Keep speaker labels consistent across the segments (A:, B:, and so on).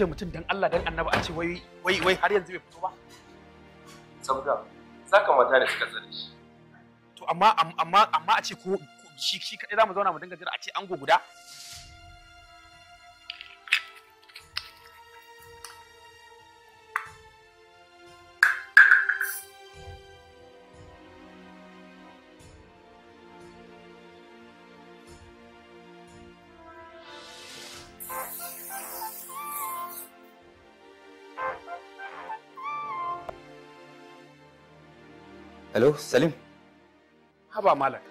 A: ce mutum dan Allah dan annabi a ce wai wai wai har yanzu bai fito ba saboda saka mata ne suka zare shi to amma amma amma a ce ko shi shi kadai zamu zauna mu dinga jira a ce an guda Hello, Salim. Haba Malam.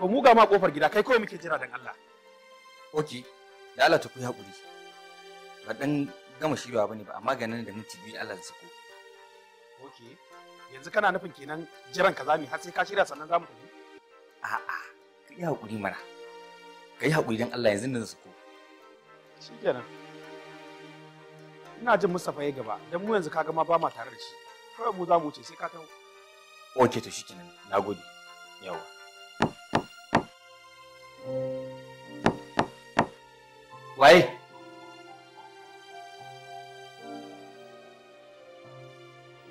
A: To mu ga ma kofar gida kai kawai muke jira dan Allah. Ok, da Allah ta ku haƙuri. Ba dan gama ba bane ba amma nan da minti biyu Allah ya ku. Ok, yanzu kana nufin kenan jiran ka zami har sai ka shirya sannan zamu tafi? A'a, ka yi haƙuri mana. Ka yi haƙuri dan Allah yanzu nan sako. Shikenan. Ina jin Mustapha ya gaba, dan mu yanzu kaga ma ba ma tare da shi. Kawai mu za mu wuce sai ka tawo. ok to shi kenan na gode yawa waye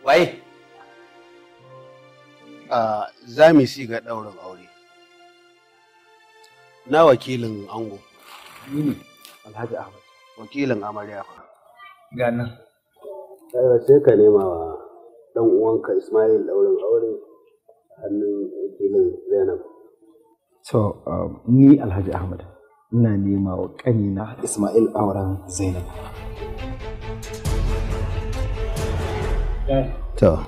A: waye a za mu si ga ɗaurin aure na wakilin ango ni ne alhaji ahmad wakilin amarya fa ga nan sai ka nema wa dan uwanka Ismail daurin aure hannun wakilin Zainab. To, um, ni Alhaji Ahmad ina nema wa ƙanina Ismail auren Zainab. To.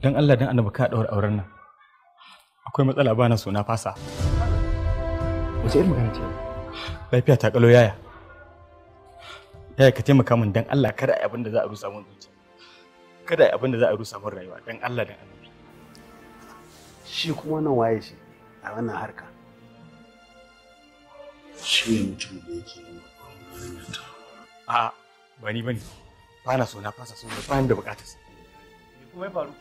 A: Don Allah don annabi ka ɗaura auren nan. Akwai matsala bana so na fasa. Wace irin magana ce? Lafiya ta kalo yaya. Yaya ka taimaka min don Allah kada abin da za a rusa mun zuciya. kada abin da za a rusa min rayuwa dan Allah da Annabi shi kuma nan waye shi a wannan harka
B: shi ne mutum da yake
A: a ba ni ne, ba na so na fasa so ba ni da bukatar sa me kuma ya faru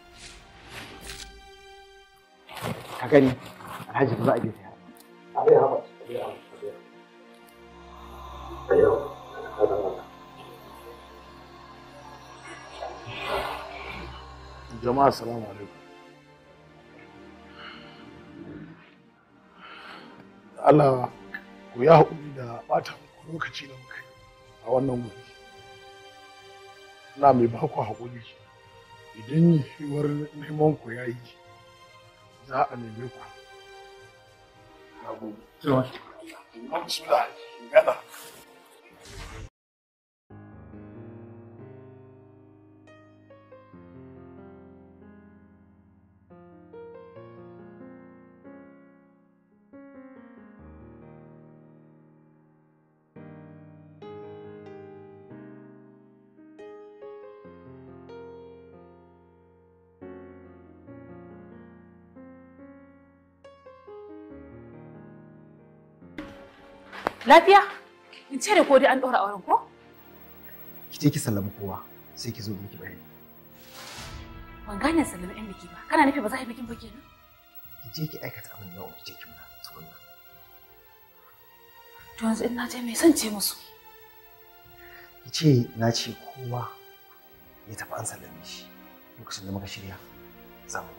A: ka gani alhaji ba za a bi ta ya
B: ba ya ba ya ba jama'a salamu alaikum Allah ku ya haƙuri da ɓata lokaci da muka a wannan wuri na mai ba ku haƙuri idan yiwuwar neman ku ya yi za a neme ku. Bismillah,
C: gada.
D: Lafiya? In ce da ko an ɗora auren ko?
A: Ki je ki sallama kowa sai ki zo miki bayani.
D: Ban gane sallama ɗan biki ba. Kana nufi ba za a yi bikin ba kenan?
A: Ki je ki aikata abin da ki je ki muna tukunna.
D: To yanzu in na je me son ce musu?
A: Ki ce na ce kowa ya tafi an sallame shi lokacin da muka shirya za mu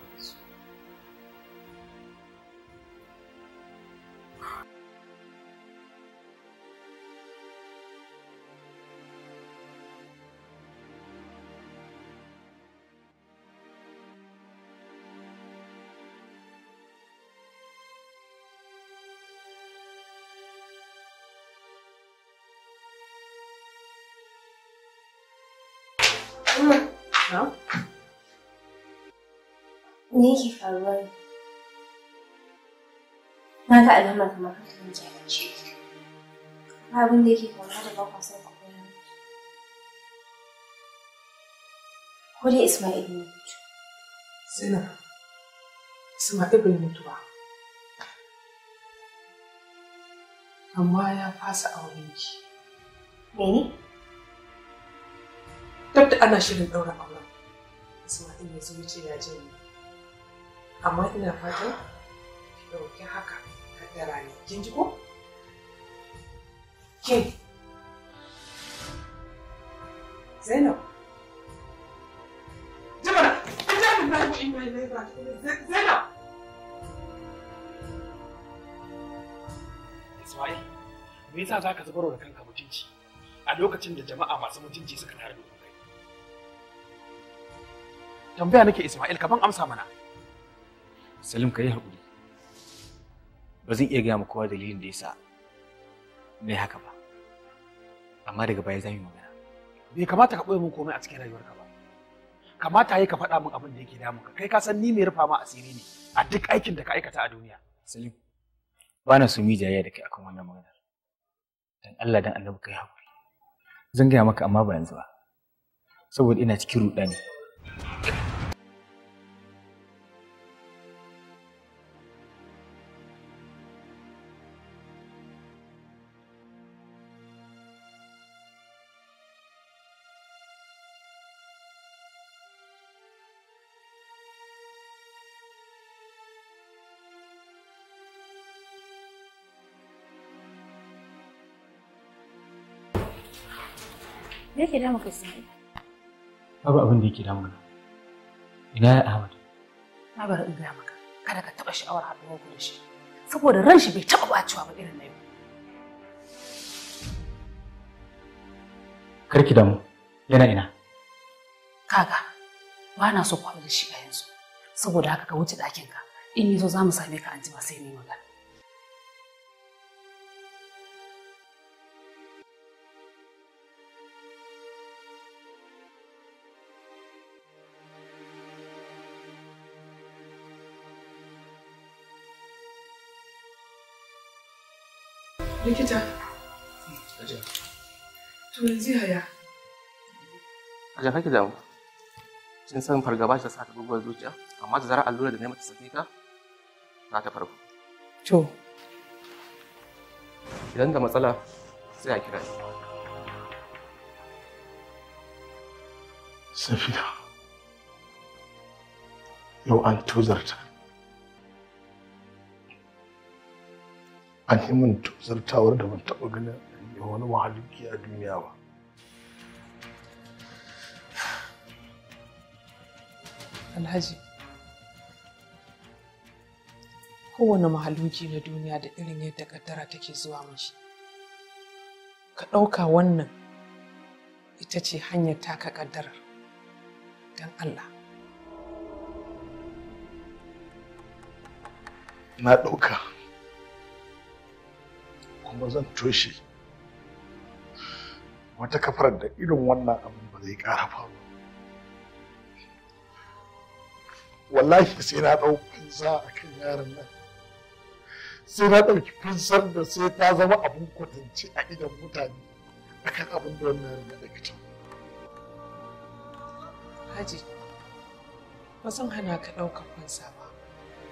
E: Me yake faruwa Na ga alama kamar hankalin ki a ce. Abinda abin yake faruwa da bakwa sai ku koya miki. Ko dai Isma'il ne mutu. Sina.
F: Isma'il bai mutu ba. Amma ya fasa auren ki. Mene? Duk da ana shirin ɗaura aure. suwa ɗin ya zo ya janye amma ina fatan ki ɗauki haka kaddara ne kin ji ko kin zainab jama'a an ja min bayan in mai laifa zainab
C: Ismail,
A: me yasa za ka zubarwa da kanka mutunci a lokacin da jama'a masu mutunci suka taru? tambaya nake Ismail ka ban amsa mana Salim ka yi haƙuri ba zan iya gaya ma kowa dalilin da yasa na haka ba amma daga baya zan yi magana bai kamata ka ɓoye min komai a cikin rayuwarka ba kamata yayi ka faɗa min abin da yake damun ka kai ka san ni mai rufa ma asiri ne a duk aikin da ka aikata a duniya Salim ba na so da kai akan wannan maganar dan Allah dan Annabi kai haƙuri zan gaya maka amma ba yanzu ba saboda ina cikin ruɗani
D: Me yake damu ka sai?
A: Babu abin da yake damu na. Ina ya Ahmad?
D: Na bar in gaya maka, kada ka taɓa sha'awar haɗuwar ku da shi, saboda ran shi bai taɓa bacewa ba irin na yau.
A: Karki damu, yana ina.
D: Kaga, ba na so ku da shi a yanzu, saboda haka ka wuce ka
F: in yi so za mu same ka an
D: ba sai ni magana.
F: Likita. To yanzu yaya?
D: Aja kake
A: damu. Kin san fargaba ta sa ta bugun zuciya, amma da zarar allura da na mata sake ka, na ta farko. To. Idan da matsala
F: sai a kira ni.
B: Safiya Yau an tuzarta. an yi min zartawar da ban taɓa ganin wani mahaluki a duniya ba
F: alhaji kowane mahaluki na duniya da irin yadda kaddara take zuwa mashi ka ɗauka wannan ita ce hanyar taka kaddarar don allah
B: na ɗauka kuma zan toshe wata kafar da irin wannan abin ba zai ƙara faru wallahi sai na ɗau fansa a kan yaron nan sai na ɗauki fansar da sai ta zama abin kwatance a idan mutane a kan abin da wannan yaron da
F: haji ba zan hana ka ɗaukar fansa ba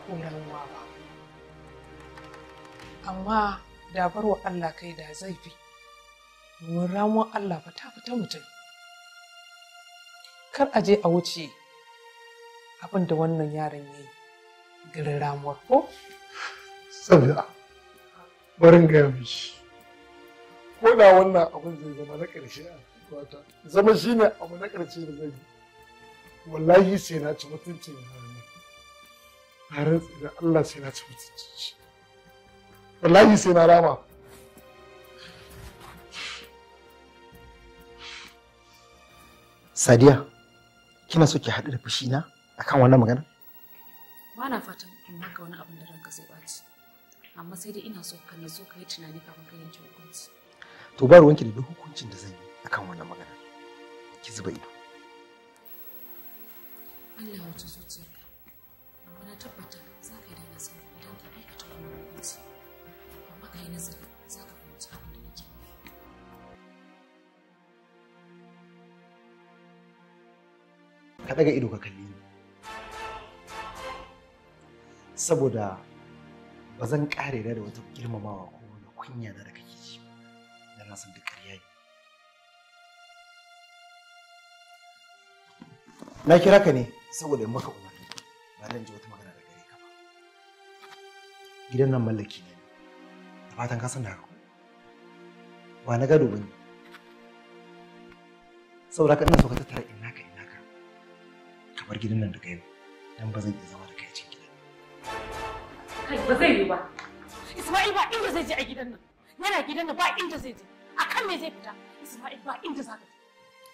F: ko ranuwa ba amma da barwa Allah kai da zai fi domin ramuwar Allah fa ta fita mutum kar a je a wuce abin da wannan yaron ya yi garin ramuwar ko?
B: Sabida, barin gaya mishi. Ko da wannan abin zai zama na ƙarshe a wata zama shi ne abu na ƙarshe da zai Wallahi sai na ci mutuncin yaron nan. Tare da Allah sai na ci mutuncin shi. wallahi sai na rama
A: sadiya kina so ki haɗu da fushi na akan wannan magana
D: ba na fatan in maka wani abin da ranka zai ɓaci amma sai dai ina so ka na ka yi tunani kafin ka yanke hukunci
A: to ba ruwanki da duk hukuncin da zan yi akan wannan magana ki zuba ido
F: Allah ya ci zuciyarka
D: amma na tabbata za
C: ka yi da nasara idan ka aikata wannan hukunci ka yi
A: daga ido ka kalli saboda bazan zan kare da wata girmamawa ko wani kunya da kake ji da na san duk ƙarya ne
F: na kira ka ne
A: saboda in maka umarni ba zan ji wata magana da gare ka ba gidan nan mallaki ne fatan ka san da haka ba na gado bane saboda ka ina so ka tattara ina ka ina ka ka bar gidan nan daga yau dan ba zan iya zama da kai cikin gidan
D: kai ba zai yi ba Isma'il ba inda zai je a gidan nan yana gidan nan ba inda zai je akan me zai fita Isma'il ba inda za ka je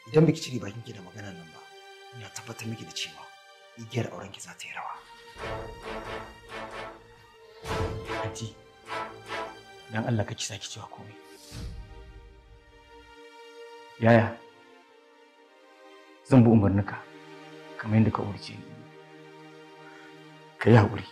A: idan biki cire bakin ki da magana nan ba ina tabbatar miki da cewa igiyar auren ki za ta yi rawa Aji. dan Allah kake saki cewa komai yaya zan bi umarnika kamar yadda ka urce ni ka yi haƙuri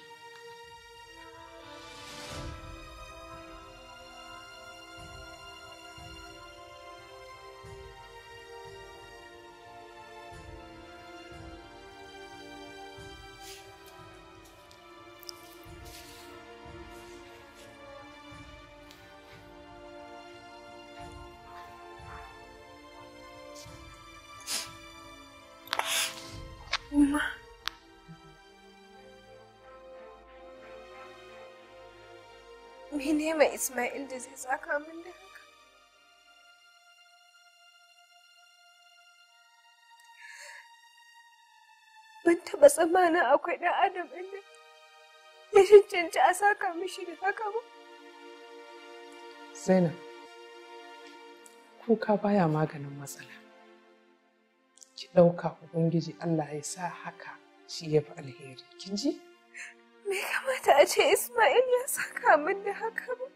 G: Ismail da zai saka min da haka. Ban taɓa tsammanin akwai ɗan adam inda ya cancanci a saka mishi da haka ba.
F: Zainab, kuka baya maganin matsala. Ki ɗauka Ubangiji Allah ya sa haka shi ya fi alheri. Kin ji? Me
G: kamata a ce Ismail ya saka min da haka ba?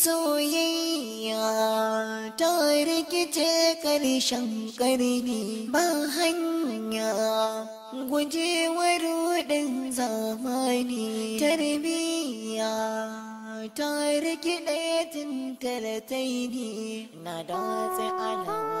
H: soyayya ta rikice karshen ƙarni ba hanya gujewa ruɗin zamani tarbiyya ta rikide tun talataini na datse alamu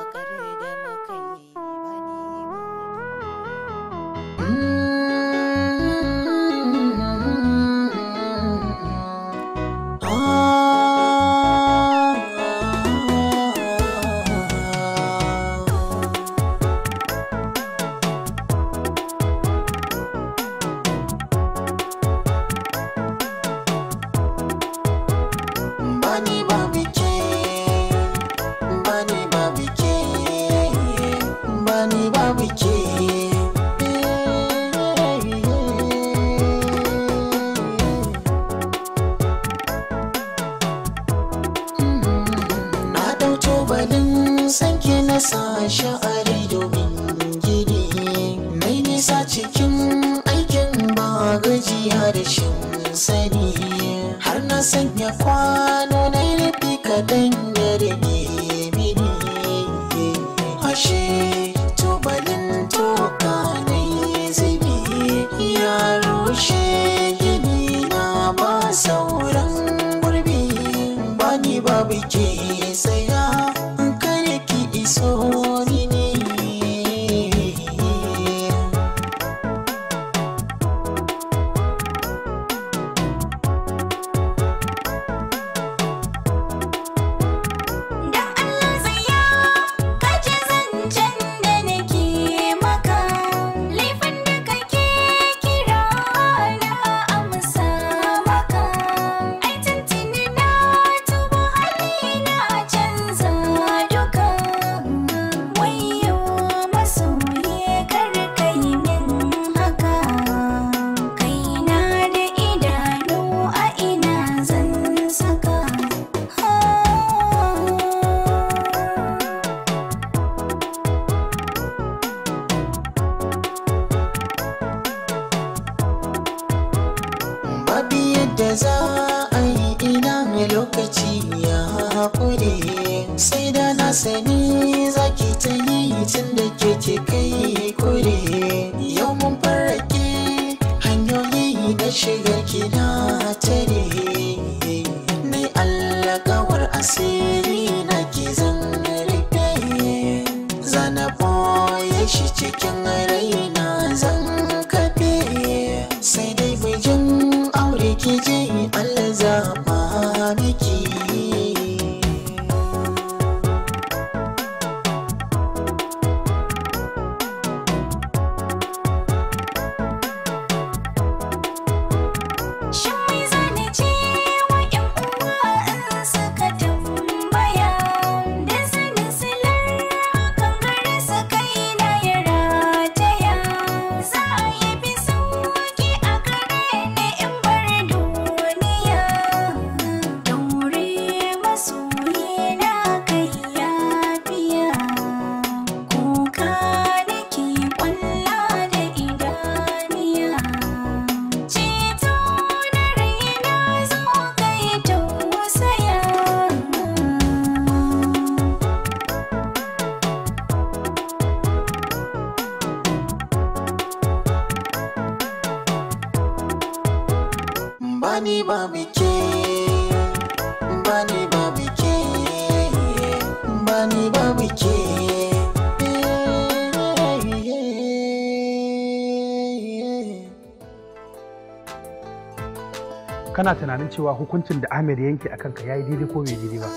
A: kana tunanin cewa hukuncin da Ahmed yanke akan ka yayi daidai ko bai daidai ba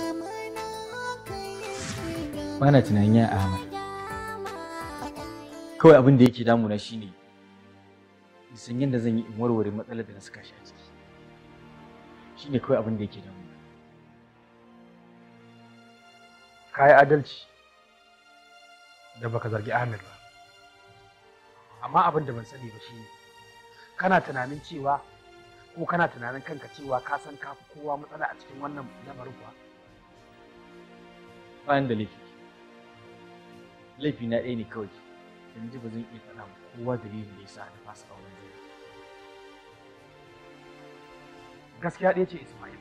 A: ba na tunanin ya Ahmed kawai abin da yake damuna shine san yadda zan yi in warware matsalar da na saka shi a ciki shine kawai abin da yake damuna ka yi adalci da baka zargi Ahmed ba amma abin da ban sani ba shine kana tunanin cewa ko kana tunanin kanka cewa ka san ka fi kowa matsala a cikin wannan lamarin kuwa bayan da laifi laifi na ɗaya ne kawai yanzu ba zan iya faɗa kowa dalilin da ya sa na fasa auren zai gaskiya ɗaya ce Ismail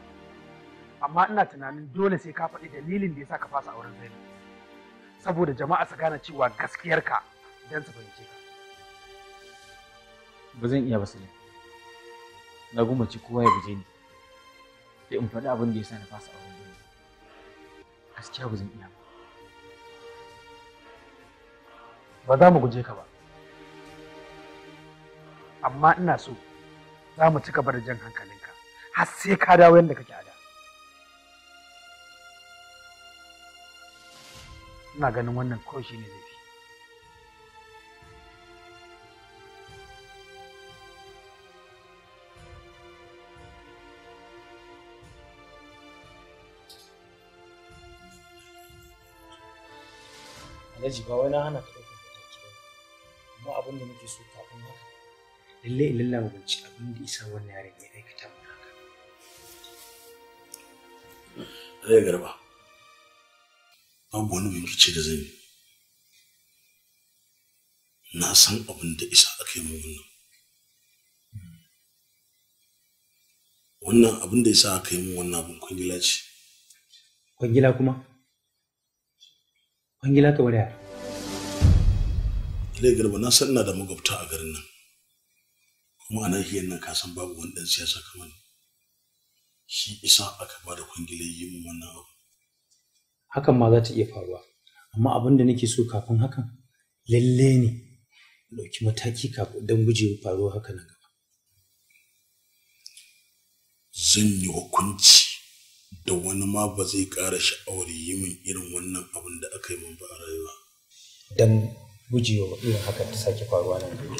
A: amma ina tunanin dole sai ka faɗi dalilin da ya sa ka fasa auren zai saboda jama'a su gane cewa gaskiyarka don su fahimce ka ba zan iya ba sai na ci kowa ya guje ni sai in faɗi abin da ya sa na fasa auren dole gaskiya ba zan iya ba ba za mu guje ka ba amma ina so za mu ci gaba da jan hankalinka har sai ka dawo yadda kake a da ina ganin wannan kawai shi ne zai alhaji ba wani hana ka ɗaukar mataki ba amma abin da muke so kafin haka lalle ilalla mu bincike abin da isa wannan yaron ya aikata mu haka
B: zai eh, garba babu wani bincike da zai na san abin da isa aka yi min wannan wannan abin da isa aka yi min wannan abin kwangila ce kwangila kuma
A: kwangila ka wada
B: alai garba na san na da magabta a garin nan kuma a nahiyar nan ka san babu wani ɗan siyasa kamar shi isa aka ba da kwangilar yin wannan abu
A: hakan ma za ta iya faruwa amma abin da nake so kafin hakan lalle ne ɗauki mataki kafin don wa faruwa hakan nan gaba
B: zan yi hukunci da wani ma ba zai ƙara sha'awar yi min irin wannan abin da aka
C: yi min ba a rayuwa dan gujewa irin haka ta sake faruwa nan gaba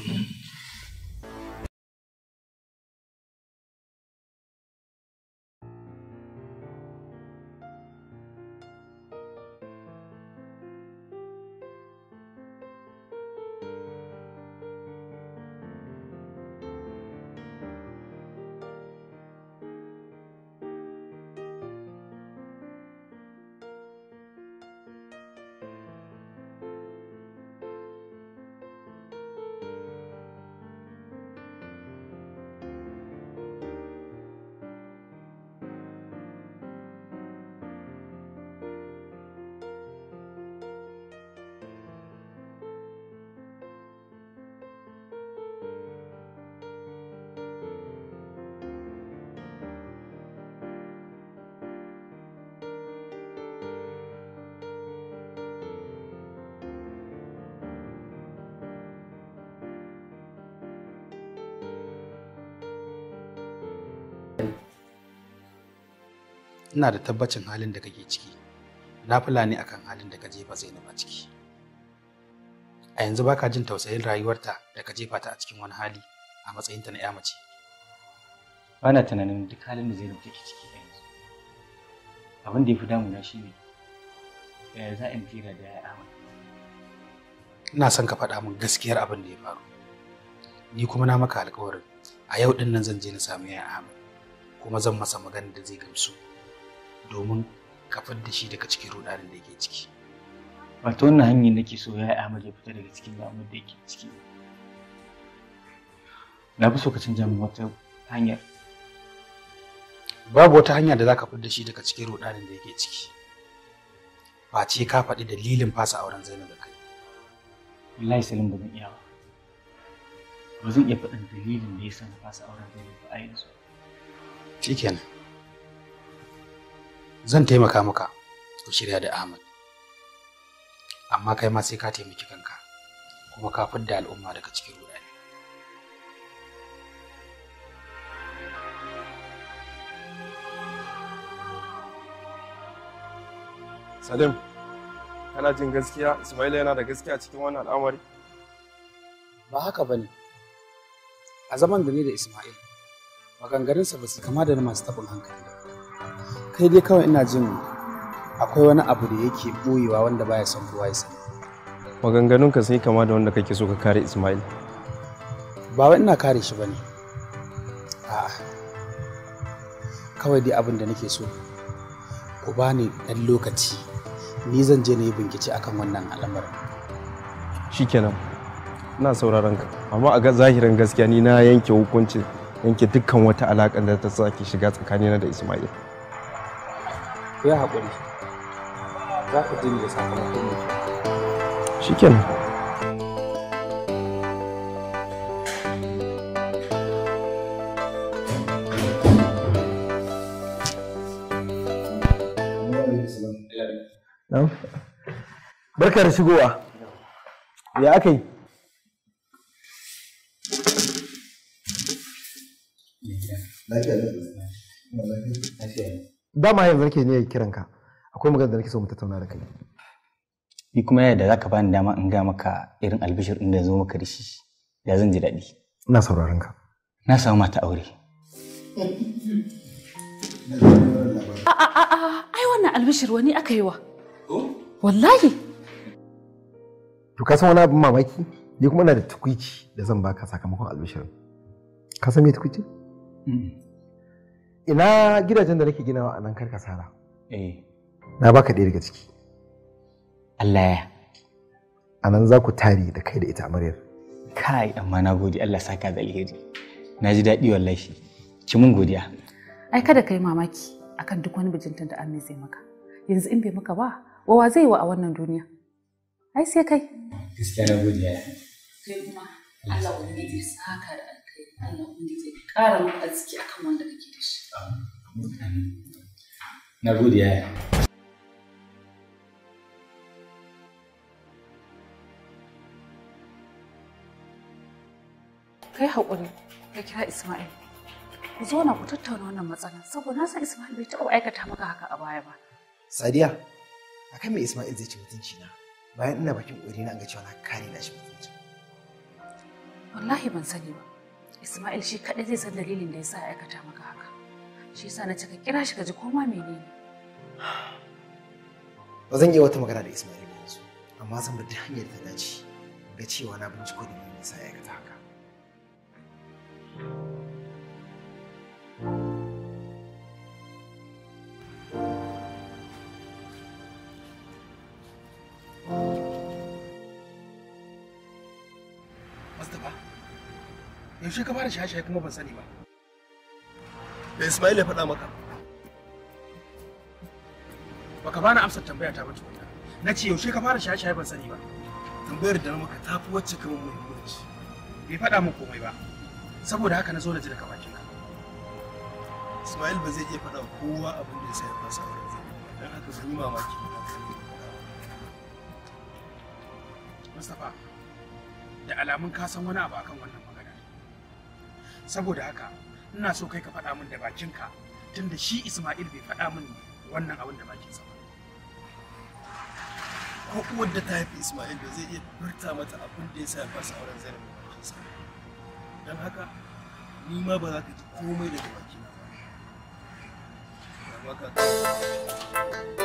A: ina da tabbacin halin da kake ciki na fula ne akan halin da ka jefa zainab a ciki a yanzu baka jin tausayin rayuwarta da ka jefa a cikin wani hali a matsayinta na ya mace bana tunanin duk halin da zainab take ciki a yanzu abin da ya fi damuna shine yaya za in fira da yaya ahmad ina son ka faɗa min gaskiyar abin da ya faru ni kuma na maka alƙawarin a yau ɗin nan zan je na samu yaya ahmad kuma zan masa magana da zai gamsu domin kafar da shi daga cikin rudanin da yake ciki wato wannan hanyar nake so ya yi Ahmad fita daga cikin damuwar da yake ciki na fi so ka canja min wata hanyar babu wata hanya da za ka fitar da shi daga cikin rudanin da yake ciki ba ce ka faɗi dalilin fasa auren Zainab da kai wallahi Salim ba zan iya ba ba zan iya faɗin dalilin da ya sa na fasa auren Zainab ba a yanzu shikenan zan taimaka maka ku shirya da Ahmad. Amma kai ma sai ka taimaki kanka kuma ka da al'umma daga cikin rudani. Salim, kana jin gaskiya Ismaila yana da gaskiya cikin wannan al'amari? Ba haka ba ne. A zaman da ni da Ismail, maganganunsa ba su kama da masu taɓin hankali ba. kai dai kawai ina jin akwai wani abu da yake boyewa wanda baya son kowa ya sani maganganunka sai kama da wanda kake so ka kare ismail ba wai ina kare shi bane a'a kawai dai abin da nake so ku bani dan lokaci ni zan je na yi bincike akan wannan al'amarin shikenan ina sauraron ka amma a ga zahirin gaskiya ni na yanke hukunci yanke dukkan wata alaƙar da ta sake shiga tsakanina da ismail ku yi haƙuri za ku dinga da sakamakon mutu shikenan
B: Barka da shigowa. Ya aka yi?
C: Thank you.
A: dama yanzu nake ne kiran ka akwai magana da nake so mu tattauna da kai ni kuma yadda zaka bani dama in ga maka irin albishir din da zo maka da shi da zan ji daɗi ina sauraron ka na samu mata aure
D: ai wannan albishir wani aka yi wa wallahi
A: to ka san wani abin mamaki ni kuma ina da tukwici da zan baka sakamakon albishirin ka san me tukwici ina gidajen da nake ginawa a nan karka sara eh. na baka ɗaya daga ciki Allah ya a nan za ku tari da kai da ita amaryar kai amma na gode Allah saka da alheri na ji daɗi wallahi ki mun godiya
D: ai kada kai mamaki akan duk wani bijintan da Allah zai maka yanzu in bai maka ba wawa zai wa a wannan duniya ai sai
C: kai gaskiya na gode ya kai kuma Allah ubangiji ya saka da alheri Allah
A: ubangiji ya ƙara maka ciki akan wanda kake da Na gode ja.
D: Kai haƙuri, ka kira Ismail. Ku zo na ku tattauna wannan matsalar, saboda na san Ismail bai taɓa aikata maka haka a baya ba.
A: Sadiya, a akan mai Ismail zai ci mutunci na? Bayan ina bakin ƙuri na ga cewa na kare na shi mutunci.
D: Wallahi ban sani ba. Ismail shi kaɗai zai san dalilin da ya sa aikata maka haka. shi yasa na cika kira shi ka ji koma menene
A: ba zan iya wata magana da Ismail yanzu amma zan bi hanyar da ta dace ga cewa na binciko da ne yasa ya aikata haka Mustapha, yaushe ka fara shaye-shaye kuma ban sani ba. da Ismail ya faɗa maka. Baka bani amsar tambaya ta ba tukunna. Na ce yaushe ka fara shaye-shaye ban sani ba. Tambayar da na maka ta fi wacce kamar muhimmanci. Bai faɗa min komai ba. Saboda haka na zo na ji daga bakin ka. Ismail ba zai iya faɗa kowa abin da ya sa ya fasa auren zai. Dan haka zan yi mamaki. Mustapha, da alamun ka san wani abu akan wannan magana. Saboda haka, ina so kai ka faɗa min da bakinka tunda shi Ismail bai faɗa min wannan abin da sa. ba. Ko uwar da ta haifi Ismail ba zai iya furta mata abin da ya sa ya fasa auren Zainab da sa. Don haka ni ma ba za ka ji komai daga bakina ba. Thank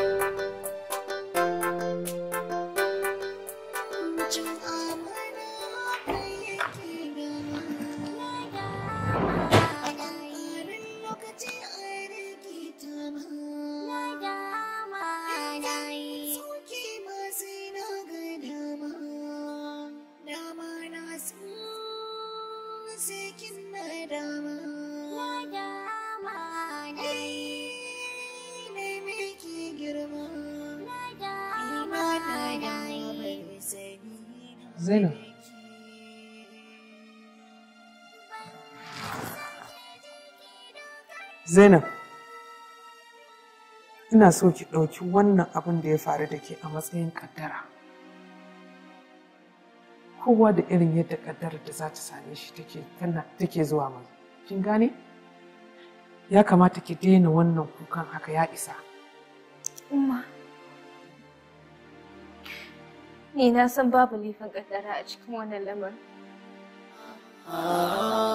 F: Zainab, ina so ki ɗauki wannan abin da ya faru da ke a matsayin ƙaddara, Kowa da irin yadda kaddara da za ta same shi take zuwa mai. Kin gane? Ya kamata ki daina wannan kukan haka ya isa.
E: Umma, ni na san babu laifin kaddara a cikin wannan lamarin.
C: Ah.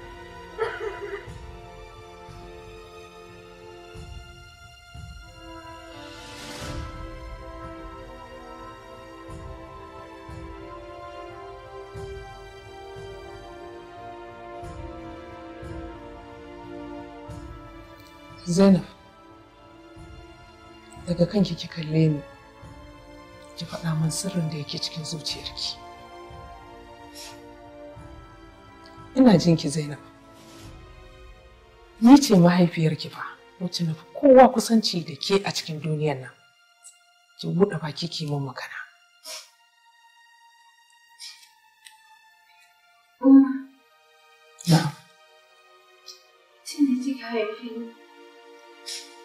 F: Zainab, daga kanki ki kalle ni, ki faɗa min sirrin da yake cikin zuciyarki. Ina jin ki Zainab. Ni ce mahaifiyarki fa, wacce na fi kowa kusanci da ke a cikin duniyar nan. Ki buɗe baki ki mun magana.
E: Na. Tun da kika haife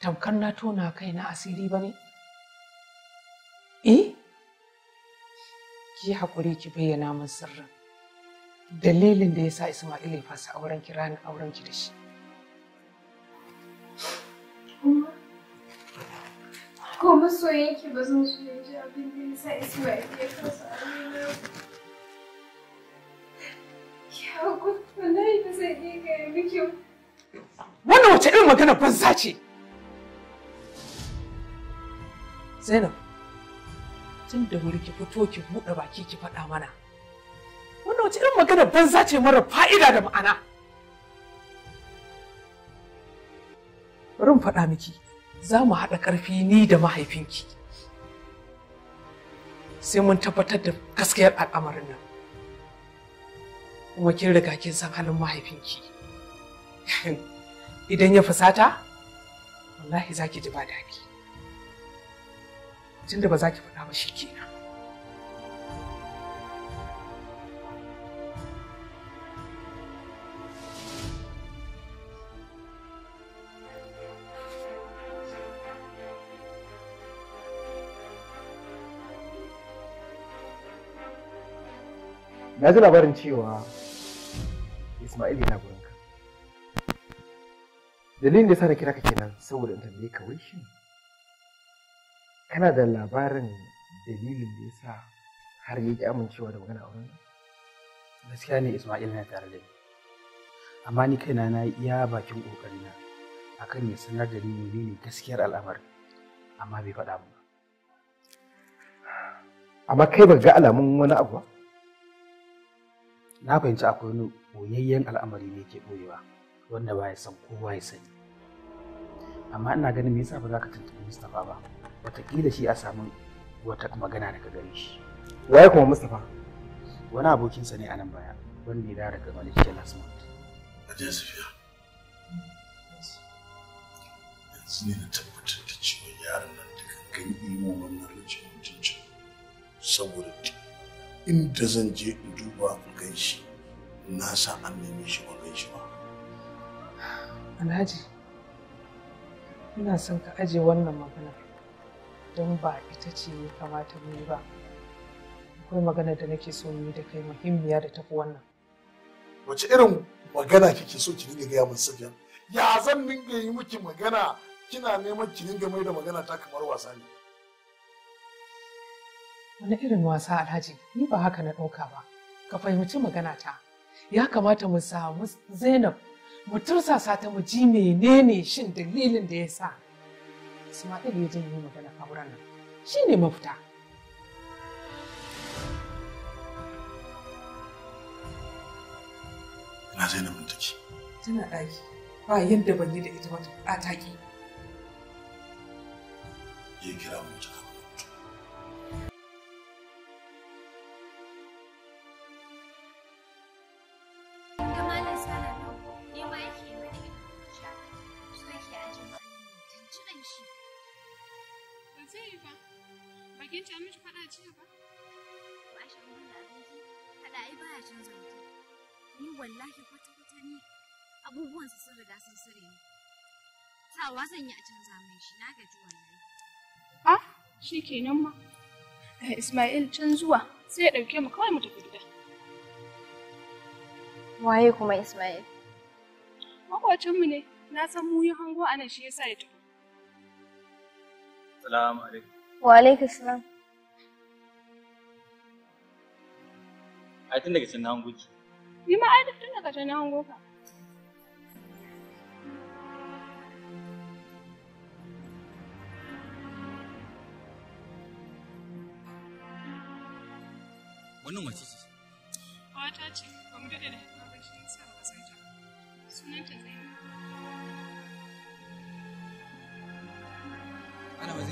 F: tamkar na tona kai na asiri ba ne? Eh? Ki haƙuri ki bayyana min sirrin. Dalilin da ya sa Ismail ya fasa auren ki ranar auren ki da shi.
G: Ko masoyin ki ba zan so ya ji abin da ya sa Ismail ya fasa auren ki. Ya ku, wallahi ba zan iya gaya miki.
F: Wannan wace irin magana banza ce? Zainab, tun da wuri ki fito ki buɗe baki ki faɗa mana. Wannan wace irin magana banza ce mara fa'ida da ma'ana. Bari mu faɗa miki, za mu haɗa ƙarfi ni da mahaifinki. Sai mun tabbatar da gaskiyar al'amarin nan. Kuma kin riga kin san halin mahaifinki. Idan ya fusata, wallahi za ki ji ba daɗi. tunda ba za ki faɗa ba shi kenan.
A: na ji labarin cewa Ismail yana gurinka. Dalilin da ya sa na kira ka kenan saboda in tambaye ka wai shi kana da labarin dalilin da ya sa har ya ki amincewa da magana auren gaskiya ne ismail na tare da ni amma ni kaina na iya bakin kokarina akan ya sanar da ni menene gaskiyar al'amarin amma bai faɗa ba amma kai ba ga alamun wani abu ba na fahimci akwai wani boyayyen al'amari ne ke boyewa wanda ba ya san kowa ya sani amma ina ganin me yasa ba za ka tuntuɓi Mustapha ba wataƙila shi a samu wata magana daga gare shi waye kuma mustapha wani abokinsa ne a nan baya wanda ya daga malaysia last month su safiya
B: yanzu ne na tabbatar da cewa yaran nan da gangan imo wannan rashin mutuncin saboda inda zan je in duba a gan shi na sa an neme
F: shi ba gan shi ba alhaji ina son ka aje wannan magana don ba ita ce ya kamata mu yi ba akwai magana da nake so mu yi da kai muhimmiya da tafi wannan wace irin
B: magana kike so ki dinga gaya min sabiya ya zan dinga yi miki magana kina neman ki dinga mai da magana ta kamar wasa ne
F: wani irin wasa alhaji ni ba haka na ɗauka ba ka fahimci magana ta ya kamata mu samu zainab mu tursasa ta mu ji menene shin dalilin da ya sa Ismail ya magana a auren nan shi ne mafita.
B: Na zai na mintaki.
F: Tana ɗaki ba yadda ban yi da ita wata ɓata ke
B: Je kira mutu
G: zai yi ba bakin ta faɗa
C: ba ba baya
E: canza mutum ni wallahi sun zan yi a canza mai shi na gaji
G: ah eh, Ismail can sai ya ɗauke mu kawai mu tafi gida waye kuma Ismail makwacinmu ne na san mu yi hango anan shi yasa ya tafi
A: السلام عليكم
E: Wa السلام
A: عايزين Ai can na hango ki. Ni ma Wannan mace ce?
G: wata ce, kuma da da ba shi ne sai ba san ta.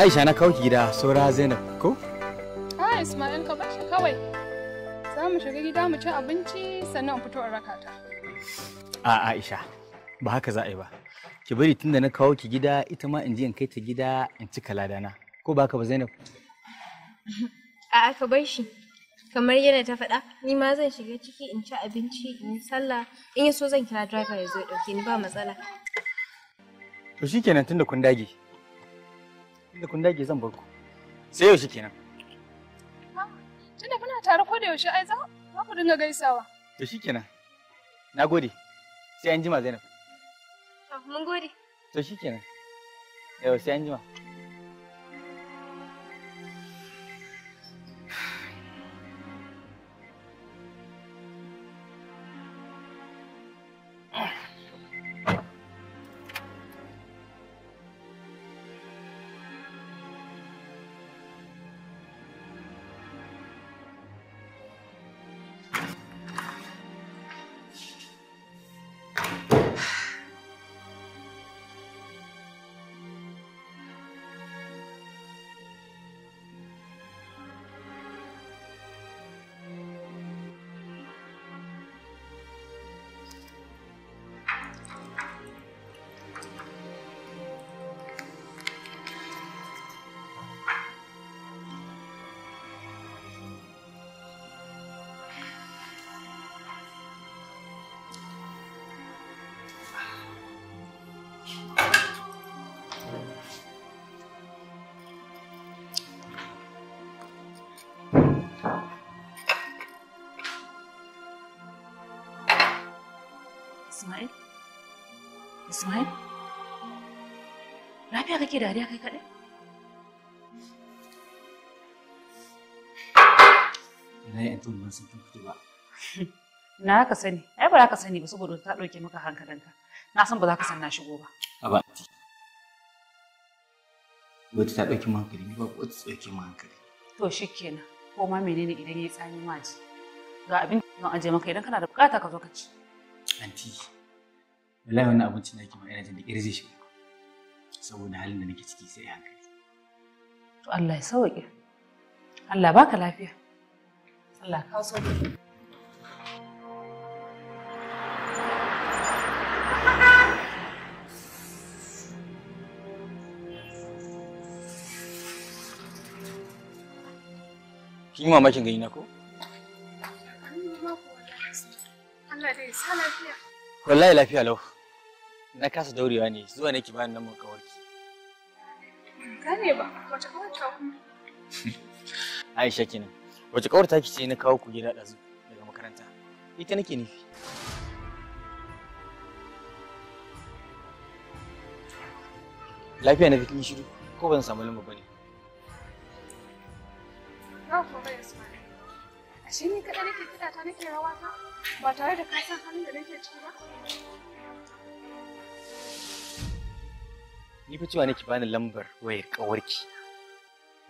A: Aisha na kawo gida saura Zainab ko?
G: A ah, Ismail ka bashi kawai. Za mu shiga gida mu ci abinci sannan fito a rakata.
A: A ah, Aisha ba haka za a yi ba. Ki bari tunda na kawo ki gida ita ma in je in kai ta gida in ci kaladana. Ko ba haka ba Zainab?
E: A'a ka bar shi. Kamar yadda ta faɗa, ni ma zan shiga ciki in ci abinci in yi sallah in yi so zan kira driver ya zo ya ɗauke ni ba matsala.
A: To shikenan tunda kun dage. da kun dage zan bar ku sai yaushe kenan
G: tunda kuna tare ko da yaushe ai za ku dinga gaisawa
A: to shikenan nagode sai an jima Zainab mun gode to shi kenan. yau sai an jima
D: Ismail? Ismail? Lafiya kake dariya kai kaɗai?
A: Ina yin tun ban san fito ba.
D: Na ka sani, ai ba za ka sani ba saboda ta ɗauke maka hankalinka. Na san ba za ka san na shigo ba. Aba
A: ti. ta ɗauki maka hankali, ba ko ta dauke maka hankali.
D: To shi kenan, ko ma menene idan ya yi tsani ma Ga abin da zan aje maka idan kana da bukata ka zo ka ci.
A: anti wallahi wannan abincin da yake ma ina jin da ƙirji shi saboda halin da nake ciki sai hankali
D: to Allah ya sauke Allah baka lafiya Allah ka sauke
A: Kin yi mamakin gani na ko?
G: Allah dai sa lafiya.
A: Wallahi lafiya lau. Na kasa daurewa ne zuwa nake bayan nan kawarki.
G: Gane ba, wace kawar ta kuma?
A: Aisha kenan. Wace kawar ta ce na kawo ku gida ɗazu daga makaranta. Ita nake nufi. Lafiya na bikin shiru ko ban samu lamba ba ne.
G: ashe ni kaɗai nake kiɗa ta nake rawa ta ba tare da kasan hannun da nake ciki ba
A: ni fa cewa nake bani lambar wayar kawarki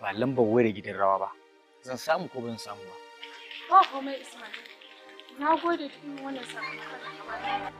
A: ba lambar wayar gidan rawa ba zan samu ko ban samu ba
G: ba komai ismail na gode da irin wannan sakamakon da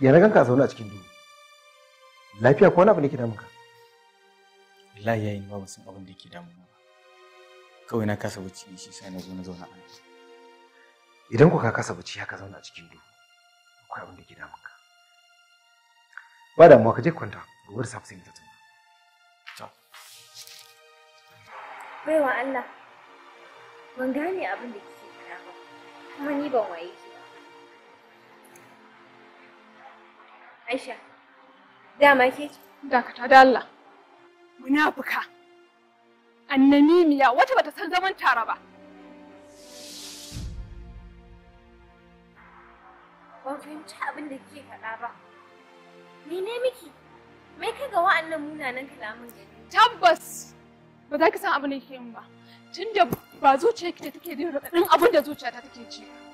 A: ya na ganka zaune a cikin duhu lafiya ko wani abu ne ke damunka wallahi yayin ba san abin da ke damuna ba kawai na kasa bacci ne shi sai na zo na zauna a nan idan ku ka kasa bacci haka zauna a cikin duhu akwai abin da ke damunka ba damuwa ka je kwanta gobe da safe sai mu tattauna
E: baiwa Allah ban gane abin da kike kira ba kuma ni ban waye ki Aisha, dama ke ce?
G: Dakata da Allah. Munafuka, miya wata bata san zaman tara ba.
E: Ban fahimci abin da ke faɗa ba. Mene miki? Me kai ga wa'annan munanan kalaman gani? Tabbas
G: ba za ki san abin da kike yin ba. Tunda ba zuciyarki da take da raɗaɗin abin da zuciyata take ci ba.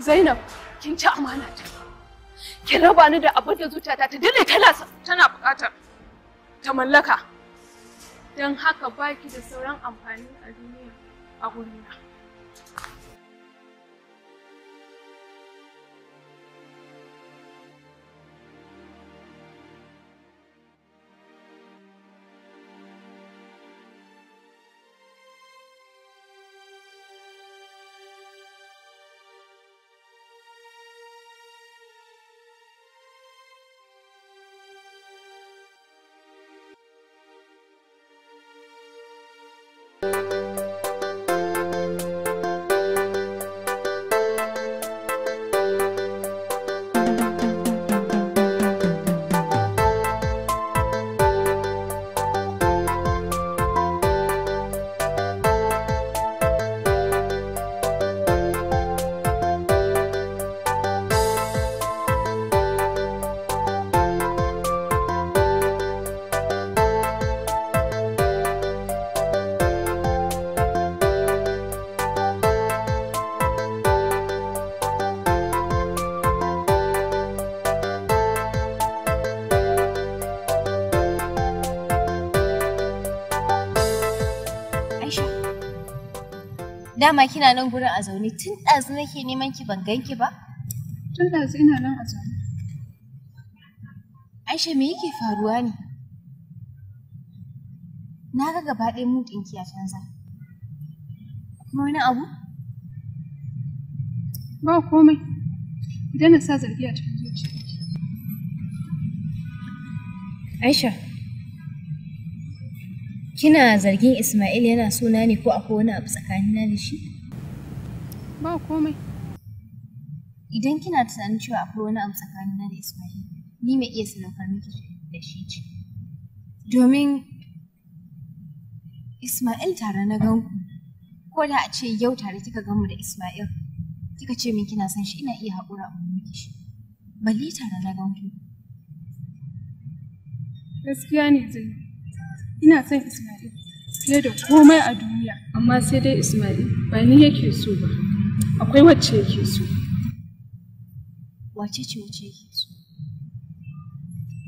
G: Zainab, kin ci amana ta. Ki raba ni da abin da zuciyata ta dole tana tana buƙatar ta mallaka. dan haka baki da sauran amfani a duniya
F: a gurina.
E: Dama kina nan gurin a zaune tun ɗazu nake neman ki ban ganki ba? Tun ɗazu ina nan a zaune. Aisha me yake faruwa ne? Na ga gaba ɗaya mu ɗinki ya canza. Kuma wani abu? Ba komai. Idan na sa zargi a cikin zuciya. Aisha, Kina zargin Ismail yana suna ne ko akwai wani abu tsakanina da shi? Ba komai. Idan kina tunanin cewa akwai wani abu tsakanina da Ismail, ni mai iya sadaukar miki da shi ce. Domin Ismail tare na gan ku, ko da a ce yau tare kika gan mu da Ismail, kika ce min kina son shi ina iya haƙura a miki shi. Bali tare na gan ku. Gaskiya
G: ne zai ina son Ismail fiye da komai a duniya amma sai dai Ismail ba ni yake so ba akwai wacce yake so
E: wace ce wacce yake so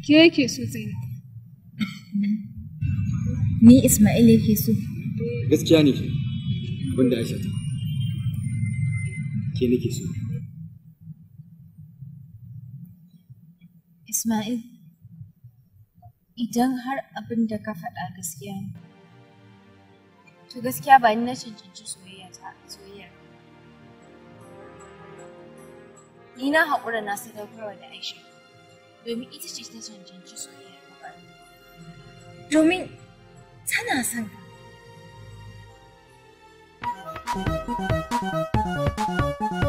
E: ke yake so Zainab ni Ismail yake so gaskiya ne
C: wanda Aisha ta ke nake so
E: Ismail idan har abin da ka faɗa gaskiya ne to gaskiya ba ina na cancanci soyayya ta soyayya ni na haƙura na sadaukarwa da aisha domin ita ce ta cancanci soyayya domin tana son ka
C: Thank you.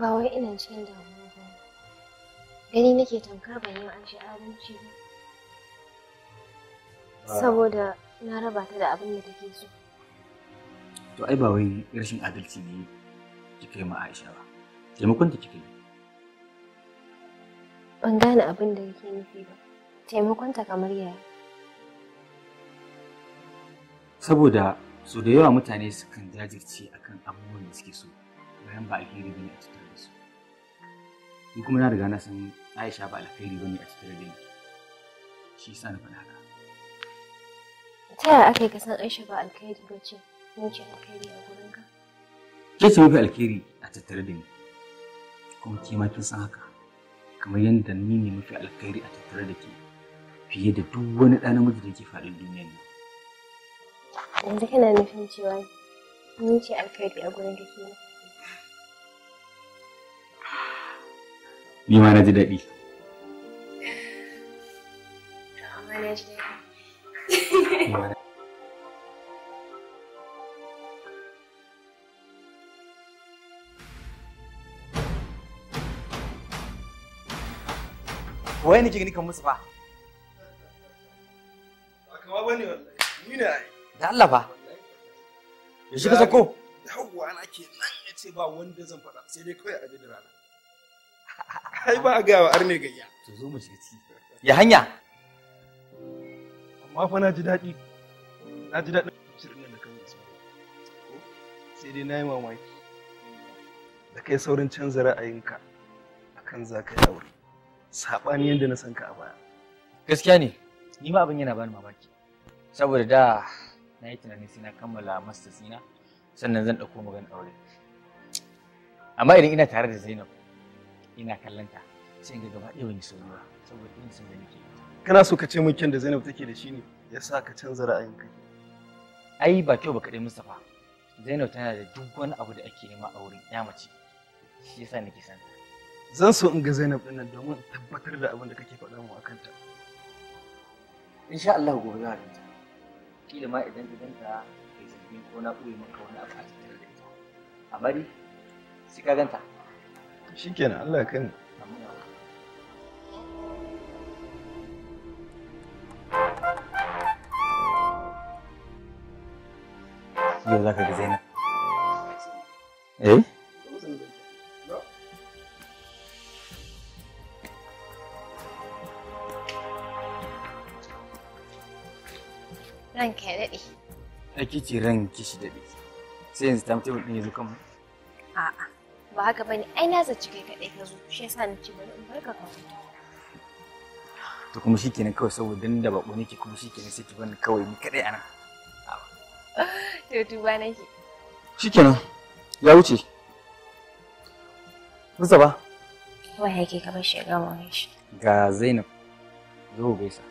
E: ba wai ina cikin damuwa ba gani nake tamkar ban yi an sha'adanci ba ah. saboda na raba ta da abin da take so
A: to ai ba wai rashin adalci ne kika yi ma Aisha ba taimakon ta kika yi
E: ban gane abin da yake nufi ba taimakon ta kamar yaya
A: saboda su da yawa mutane sukan jajirce akan abubuwan da suke so bayan ba alheri bane a cikin da su
D: ni kuma na riga na san
A: Aisha ba alheri bane a cikin da shi yasa na faɗa haka
E: ta yaya aka yi kasan Aisha ba alheri ba ce ni ce alheri a gurin ka
A: ke ce mafi alheri a tattare da ni kuma ke ma kin san haka kamar yadda ni ne mafi alheri a tattare da ke fiye da duk wani ɗan namiji da ke faɗin duniya nan
E: yanzu kana nufin cewa ni ce alkhairi a gurin da ke
A: ni ma na ji daɗi Wai nake gani kan musu fa? Ba kama bane wallahi. Ni ne ai. Da Allah fa. Ya ka sako. Yawwa na ke nan ya ce ba wanda zan faɗa sai dai kawai a da rana. ai ba a gaya wa arne gayya to zo mu shiga ciki ya hanya amma fa na ji daɗi na ji daɗin shirin nan da kan wasu sai dai na yi mamaki da kai saurin canza ra'ayinka akan za ka aure saɓani yadda na san ka a baya gaskiya ne ni ma abin yana bani mamaki saboda da na yi tunanin sai na kammala masters sina sannan zan ɗauko maganar aure amma idan ina tare da zainab ina kallon ta sai in ga gaba ɗaya wani sauri ba saboda irin sun da nake kana so ka ce min kyan da Zainab take da shi ne yasa ka canza ra'ayin ka ai ba kyau ba kaɗai Mustapha Zainab tana da duk wani abu da ake nema a wurin ya mace shi yasa nake son zan so in ga Zainab ɗin nan domin tabbatar da abin da kake faɗa mu akan ta insha Allah gobe za ta kila ma idan idan ta kai zargin ko na ɓoye maka wani abu a cikin da ita amma dai sai ka ganta shikenan Allah kai mu yau za
C: ka ga zainab eh
E: ranka ya daɗe
A: ake ce ranki shi daɗe sai yanzu ta mutum ɗin ya zo kan mu
E: ba haka bane ai na zaci kai kadai ka zo shi yasa ni ce bari in barka ka fito
A: to kuma shikenan kawai saboda dan da bako nake kuma shikenan sai ki bani kawai ni kadai ana
E: to duba
G: nake
A: shikenan ya wuce Musa ba
E: wai yake ka bar shi ga mu shi
A: ga Zainab zo gaisa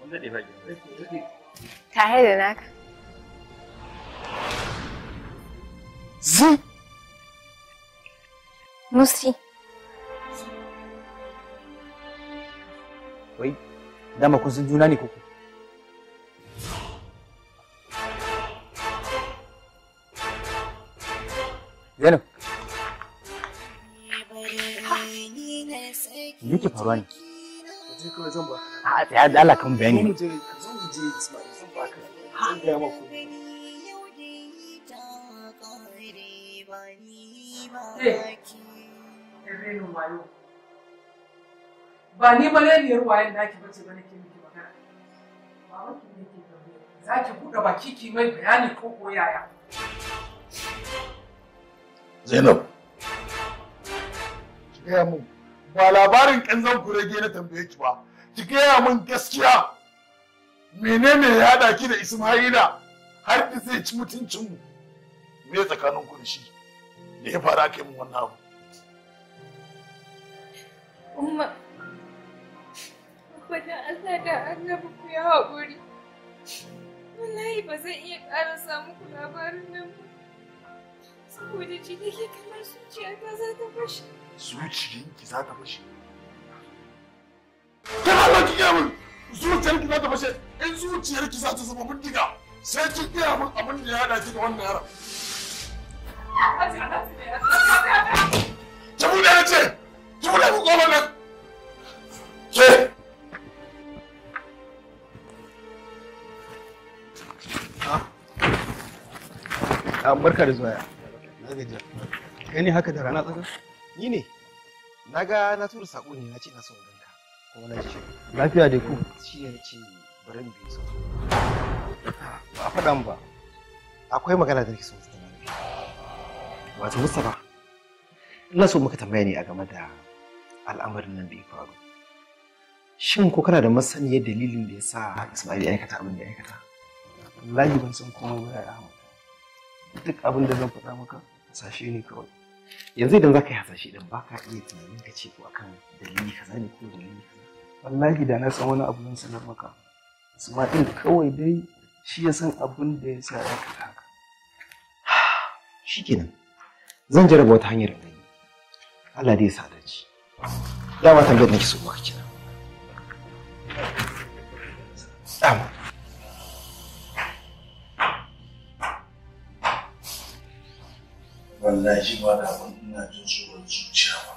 A: Mun dade ba ki
E: Ka da naka Zainab. Nusri.
A: Wai, dama kun juna ne Me faruwa ne? Je kawai zan ba. je zan je
H: Ismail
F: zan renin wayo ba ni bane ne wayan da ba ce ba ke miki magana ba wani ne ke gaba za ki buɗe baki ki mai bayani ko ko yaya
B: Zainab ki gaya mun ba labarin ƙanzan kurege na tambaye ki ba ki gaya mun gaskiya menene ya ki da Isma'ila har ki zai ci mutuncin mu me tsakanin ku da shi me ya fara kai mun wannan abu
G: Umma, wadan Allah da annabi ku ya haƙuri. Wallahi ba zan iya ƙara samu ku labarin nan ba. Saboda jini ke kamar zuciya ta za ta fashe.
B: Zuciyanki za ta fashe?
G: Kana ba ki min zuciyarki
B: za ta fashe in zuciyarki za ta zama bindiga sai ki iya mun abin da ya haɗa ki da wannan yaron. Jamu da ya ce, Jimina ku kofar nan. Ke.
A: A barka da zuwa. Na gaji. Kai ne haka da rana tsaka? Ni ne. Na ga na tura sako ne na ce na son ganka. Kuma na ce. Lafiya da ku. Shi ne ce barin biyu sau. Ba faɗa mu ba. Akwai magana da nake so mu tattauna. Wato Mustapha. Ina so muka tambaya ne a game da al'amarin nan da ya faru shin ko kana da masaniyar dalilin da ya sa Ismail ya aikata abin da ya aikata wallahi ban san komai ba ya Ahmad duk abin da zan faɗa maka hasashe ne kawai yanzu idan zaka yi hasashe ba baka iya tunanin ka ce ko akan dalili kaza ne ko dalili kaza wallahi da na san wani abu zan sanar maka Ismail kawai dai shi ya san abin da ya sa ya aikata haka shikenan zan jarraba wata hanyar da Allah dai ya sa dama tambayar nake so maka kenan
B: amma wallahi ba da ban ina jin tsoron zuciya ba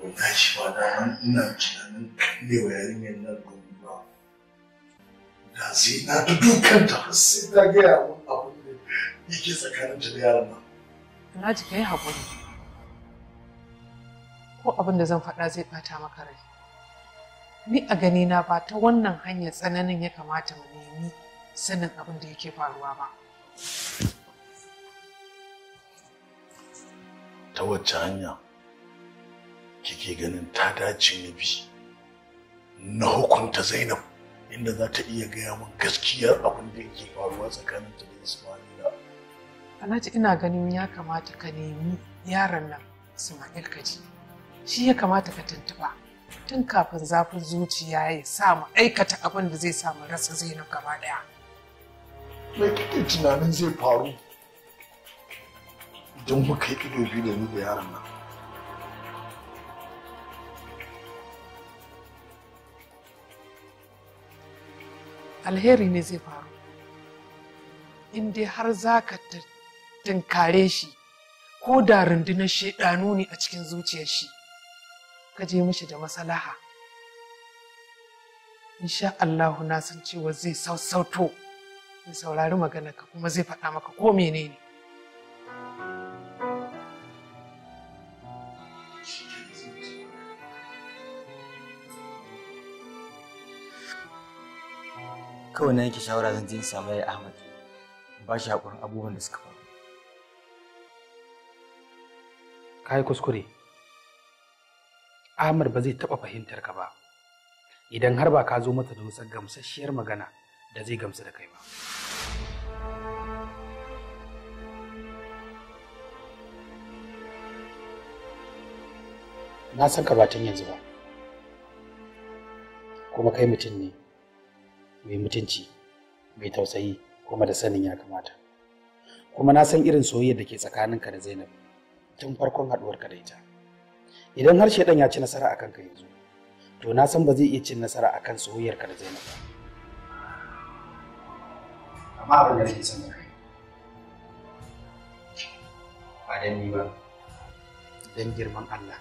B: wallahi ba da ban ina jin tunanin kalle wa yarinyar nan gobe ba da zai na ta dukanta har sai ta gaya min abin da yake tsakaninta da yaran nan
F: Alhaji ka yi haƙuri. ko abin da zan faɗa zai ɓata maka rai ni a gani na ba ta wannan hanyar tsananin ya kamata mu nemi sanin abin da yake faruwa ba
B: ta wacce hanya kike ganin ta dace na bi na hukunta zainab inda za ta iya gaya min gaskiyar abin da yake faruwa tsakanin ta da ismaila
F: alhaji ina ganin ya kamata ka nemi yaron nan ismail kaji shi ya kamata ka tuntuba tun kafin zafin zuciya ya sa aikata abin da zai samu rasa zainab gaba daya
B: me kike tunanin zai faru idan muka yi ido biyu da ni da yaron nan
F: alheri ne zai faru in dai har za ka tunkare shi ko da rundunar shaidanu ne a cikin zuciyar shi ka je mishi da masalaha. insha Allahu na san cewa zai sausauto zai saurari maganarka kuma zai faɗa maka ko menene
A: kawai na yanke shawara zan je in samu Ahmad ba shi haƙurin abubuwan da suka faru. Ka yi kuskure. Ahmad ba zai taɓa fahimtar ka ba idan har ba ka zo mata da wasa gamsasshiyar magana da zai gamsu da kai ba. Na san ka yanzu ba, kuma kai mutum ne mai mutunci, mai tausayi kuma da sanin ya kamata. Kuma na san irin soyayya da ke tsakaninka da Zainab tun farkon ka da ita. idan har shaidan ya ci nasara akan ka yanzu to na san ba zai iya cin nasara akan soyayyar ka da Zainab amma ban da nake ba dan ni ba dan girman Allah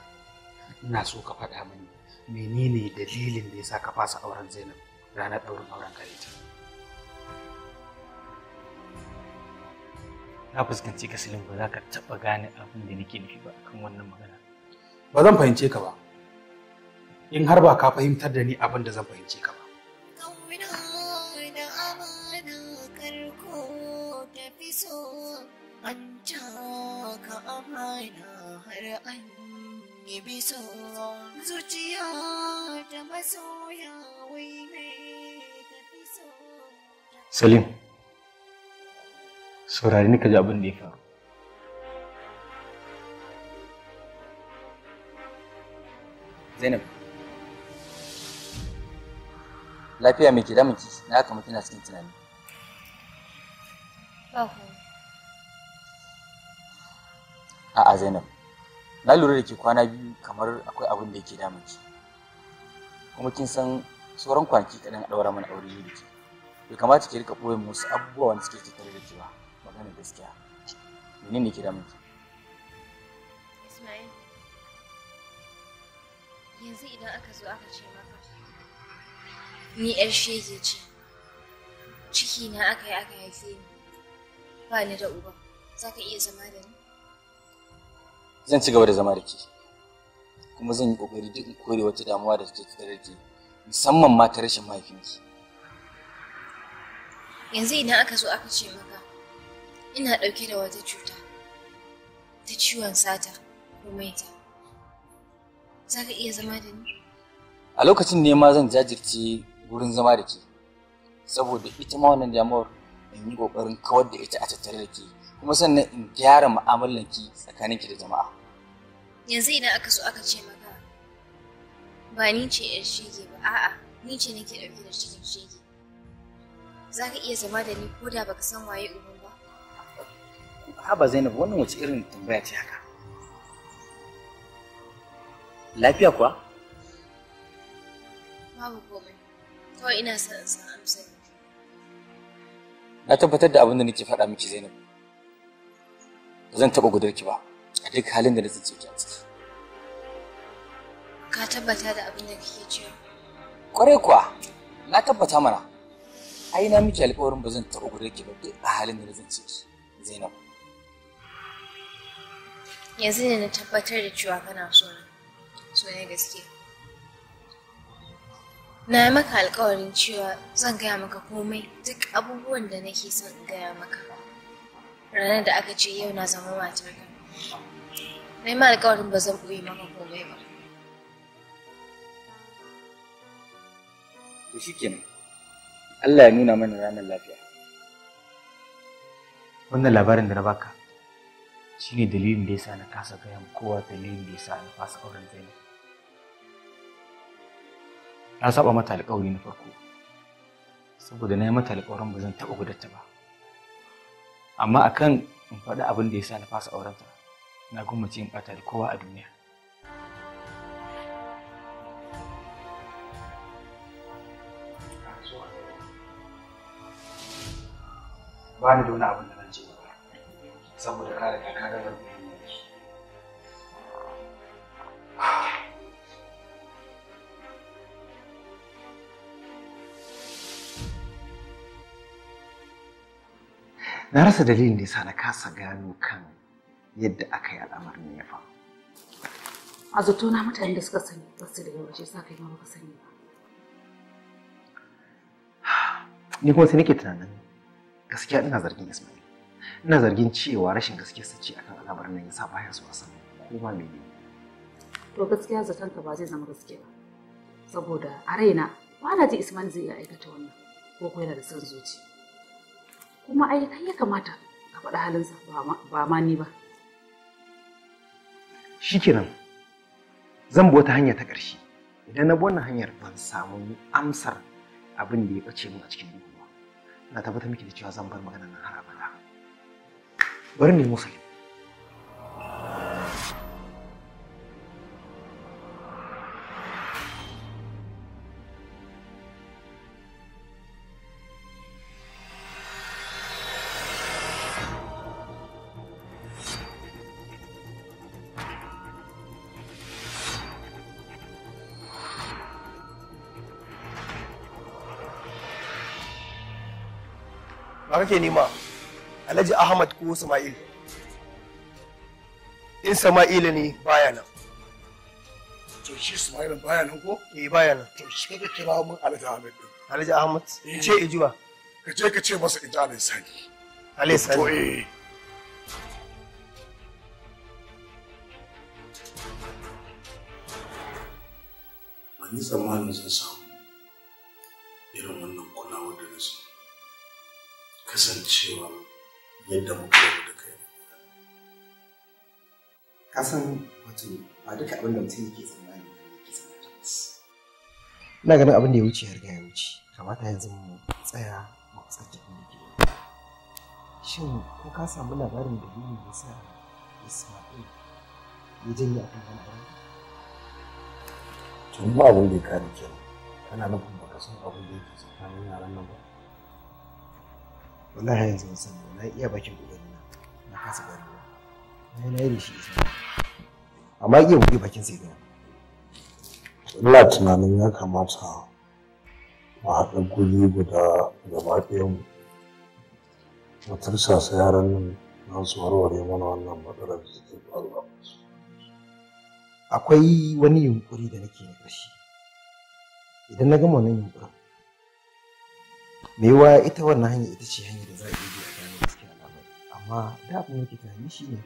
A: ina so ka faɗa mini menene dalilin da yasa ka fasa auren Zainab ranar ɗaurin auren kare ta na fuskanci ka silin ba za ka taɓa gane abin da nake nufi ba kan wannan magana ba zan fahimce ka ba in har ba ka fahimtar da ni abin da zan fahimce ka ba Salim, saurari ni ka ji abin da ya faru. Zainab. Lafiya mai ke damun ki na haka kina cikin tunani. A'a Zainab, na lura da ke kwana biyu kamar akwai abin da yake damun ki. Kuma kin san sauran kwanaki kaɗan a ɗaura mana aure da ke. Bai kamata ki rika ɓoye musu abubuwa wanda suke tattare da ke ba, magana gaskiya. Menene ke damun ki?
E: Ismail. yanzu idan aka zo aka ce maka ni yar shege ce ciki na aka yi aka haife ni ba ni da uba za ka iya zama da ni
A: zan ci gaba da zama da ke kuma zan yi kokari duk in kore wata damuwa da take tare da musamman ma ta rashin mahaifinki
E: yanzu idan aka zo aka ce maka ina ɗauke da wata cuta ta ciwon sata ko maita Za ka iya zama da ni?
A: A lokacin ne ma zan jajirce gurin zama da ke, saboda ita ma wannan damuwar in yi ƙoƙarin kawar da ita a tattare da ke, kuma sannan in gyara mu'amalar ki tsakanin ki da jama'a.
E: Yanzu idan aka so aka ce maka ba ni ce 'yar shege ba, a'a ni ce nake ɗauke da cikin shege. za ka iya zama da ni ko da baka san waye uban ba?
A: Haba Zainab wannan wace irin tambaya ce haka? Lafiya kuwa?
E: Babu komai. Kawai ina son in san amsar.
A: Na tabbatar da abin da nake faɗa miki Zainab. Ba zan taɓa gudar ki ba a duk halin da na tsince ki a ciki.
E: Ka tabbata da abin da kake cewa? Kwarai kuwa,
A: na tabbata mana. Ai na miki alƙawarin ba zan taɓa gudar ki ba duk a halin da na tsince ki, Zainab.
E: Yanzu ne na tabbatar da cewa kana so na. so na gaske na maka alkawarin cewa zan gaya maka komai duk abubuwan da nake son gaya maka ranar da aka ce yau na zama matarka na yi ma alkawarin ba zan ɓoye maka komai ba
C: to
A: Allah ya nuna mana ranar lafiya wannan labarin da na baka shine dalilin da yasa na kasa gaya kowa dalilin da yasa na fasa auren Zainab na saba mata alƙawari na farko saboda na yi mata alƙawarin ba zan taɓa gudatta ba amma akan in faɗi abin da ya sa na fasa aurenta na gwamnati in ɓata da kowa a duniya ba da wani abin da ba saboda kare da Na rasa dalilin da sa na kasa gano kan yadda aka yi
D: al'amarin ya fa. A zato na mutane da suka sani ba su da yawa sa kai ma sani ba.
A: Ni kuma sai nake tunanin gaskiya ina zargin Ismail. Ina zargin cewa rashin gaskiyarsa ce akan al'amarin nan sa baya so a san ko ma mene.
D: To gaskiya zaton ka ba zai zama gaskiya ba. Saboda a raina ba na ji Ismail zai iya aikata wannan ko kuma yana da son zuciya. kuma ai kai ya kamata ka faɗi halinsa ba ma ni ba
C: shikenan
A: zan bi wata hanya ta ƙarshe idan na bi wannan hanyar ban samu amsar abin da ya ɓace min a cikin duhu na tabbatar miki da cewa zan bar magana nan har abada bari ne musulmi kake nema alhaji ahmad
B: ko sama'il in sama'ila ne baya nan to shi sama'ila baya nan ko eh baya nan to shi kake kira mun alhaji ahmad din alhaji ahmad in eh. ce ijuwa ka je ka ce masa ita alhaji sani alhaji sani to eh ani yi tsammanin zan samu kasancewa yadda muka
A: yi da kai. Kasan wato ba duka abin da mutum yake tsammani yake tsammani. Ina ganin abin da ya wuce har ga ya wuce. Kamata yanzu mu tsaya mu tsaki da ke. Shin ko ka samu labarin da yini ya sa Isma'il ya janye a kan wani
B: Tun ba abin da ya kare kenan. Kana nufin ka san abin da yake tsakanin yaran nan ba.
A: wallahi yanzu ban sani na iya bakin kokari na na kasa
B: gari na na yi shi isa
A: amma iya buɗe bakin sai
B: gani ina tunanin ya kamata mu haɗa guri guda gaba ɗayan mu tursasa yaran nan don su warware mana wannan matsalar da take faruwa
A: akwai wani yunkuri da nake na ƙarshe idan na gama wannan yunkurin me waya ita wannan hanya ita ce hanya da za a iya gano gaskiya al'amari amma da abin da ke shi ne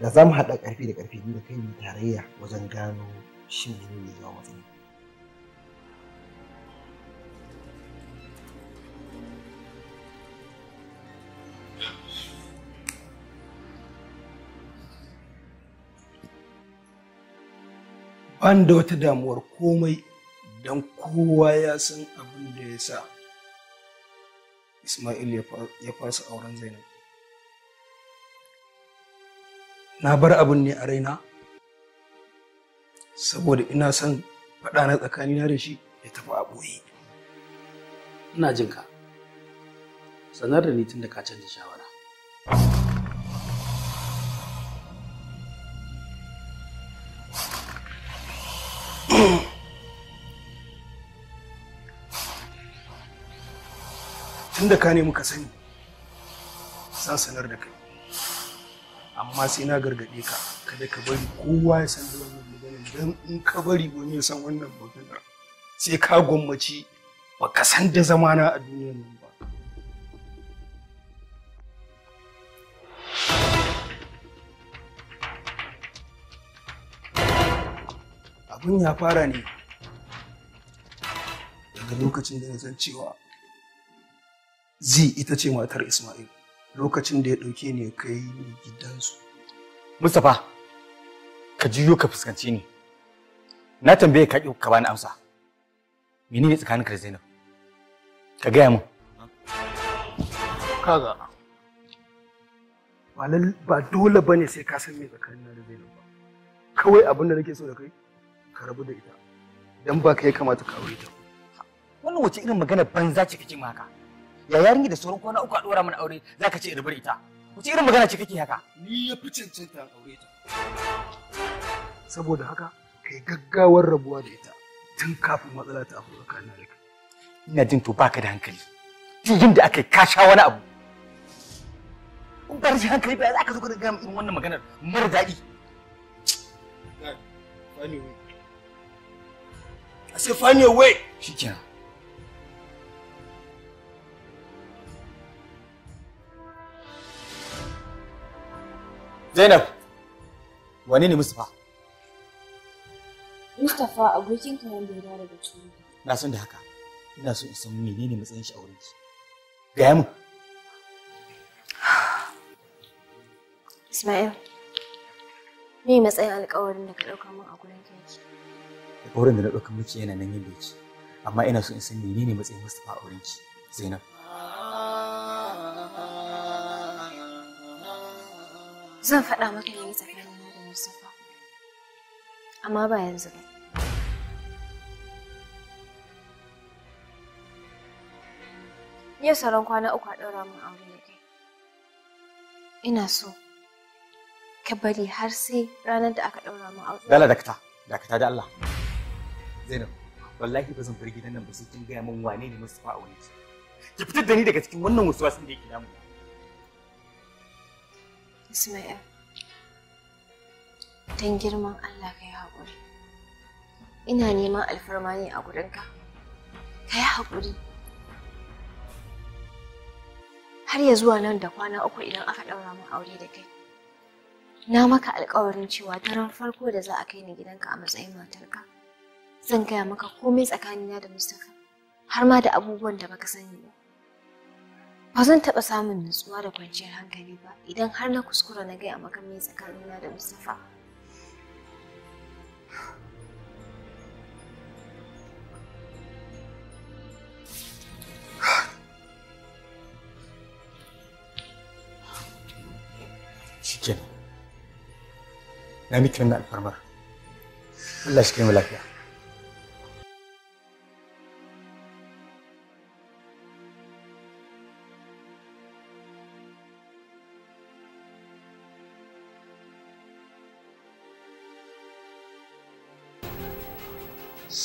A: da za mu haɗa ƙarfi da ƙarfi da kai mu tarayya wajen gano shin menene ne zama ban da wata damuwar komai don kowa ya san abin da ya sa Ismail ya fasa auren Zainab. Na bar abin ne a raina, saboda ina son faɗa na tsakanina da shi ya tafi a ɓoye. Ina jin ka, sanar da ni tun da ka canza shawara. tunda ka nemi ka sani za sanar da kai amma sai na gargaɗe ka kada ka bari kowa ya san wannan maganar don in ka bari wani ya san wannan maganar sai ka gwammaci baka san da zamana a duniyar nan ba abin ya fara ne daga lokacin da na san cewa zi ita ce matar Ismail lokacin da ya ɗauke ni ya kai ni gidansu. Mustapha, ka jiyo ka fuskanci ni. Na tambaye ka ƙi ka bani amsa. Menene ka da Zainab? Ka gaya min. Kaga, ba dole bane sai ka san me na da Zainab ba. Kawai abin da nake so da kai, ka rabu da ita. Dan ba ka ya kamata ka aure ta. Wannan wace irin magana banza ce kake maka? ya yarinki da sauran kwana uku a ɗora mana aure zaka ce in ita wace irin magana ce kake haka
B: ni ya fi cancanta aure ta
A: saboda haka kai gaggawar rabuwa da ita tun kafin matsala ta afku ka na rika ina jin to baka da hankali jin da aka ka sha wani abu in ka rashin hankali ba za ka zo ka ga irin wannan maganar mara daɗi I say, find your way. Shikenan. Zainab, wani ne Mustapha?
E: Mustapha abokin ka wanda ya dawo daga cikin.
A: Na san da haka. Ina so in san menene matsayin shi a wurin ki. Gaya min.
E: Ismail, me matsayin alƙawarin da ka ɗauka min a gurin ki?
A: Alƙawarin da na ɗauka miki yana nan yadda yake. Amma ina so in san menene matsayin Mustapha
F: a wurin ki, Zainab.
E: Zan faɗa maka ne tsakanina da Mustapha. Amma ba yanzu ba. Yau sauran kwana uku a ɗaura min aure da kai. Ina so ka bari har sai ranar da aka ɗaura min aure. Dala dakata,
A: dakata da Allah. Zainab, wallahi ba zan bar gidan nan ba sai kin gaya min wane ne Mustapha a wani. Ki fitar da ni daga cikin wannan wasu wasan da yake damu.
E: Ismail, don girman Allah ka yi haƙuri. Ina neman alfarma ne a gurinka, ka yi haƙuri. Har ya zuwa nan da kwana uku idan aka ɗaura min aure da kai. Na maka alƙawarin cewa daren farko da za a kai ni gidanka a matsayin matarka. Zan gaya maka komai tsakanina da Mustapha, har ma da abubuwan da baka sani ba. Ba zan taɓa samun nutsuwa da kwanciyar hankali ba idan har na kuskura na gaya maka tsakanina da Mustapha.
A: Shikenan. Na miki alfarmar. Allah shi kai lafiya.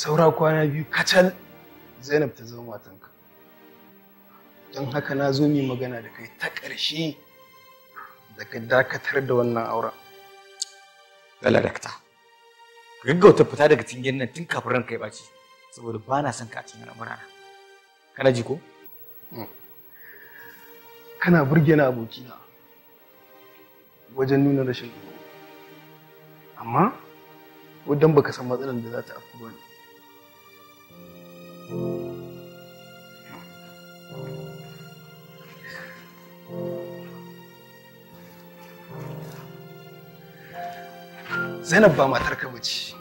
A: saura kwana biyu kacal zainab ta zama matanka don haka na zo mai magana da kai ta ƙarshe da ka dakatar da wannan auren lalla dakta ka gaggauta fita daga cikin nan tun kafin ranka ya ɓaci saboda ba na son ka a cikin al'amura na kana ji ko hmm.
B: kana burge na abokina
A: wajen nuna rashin amma ko dan baka san matsalar da za ta afi Zainab ba matar ka bace.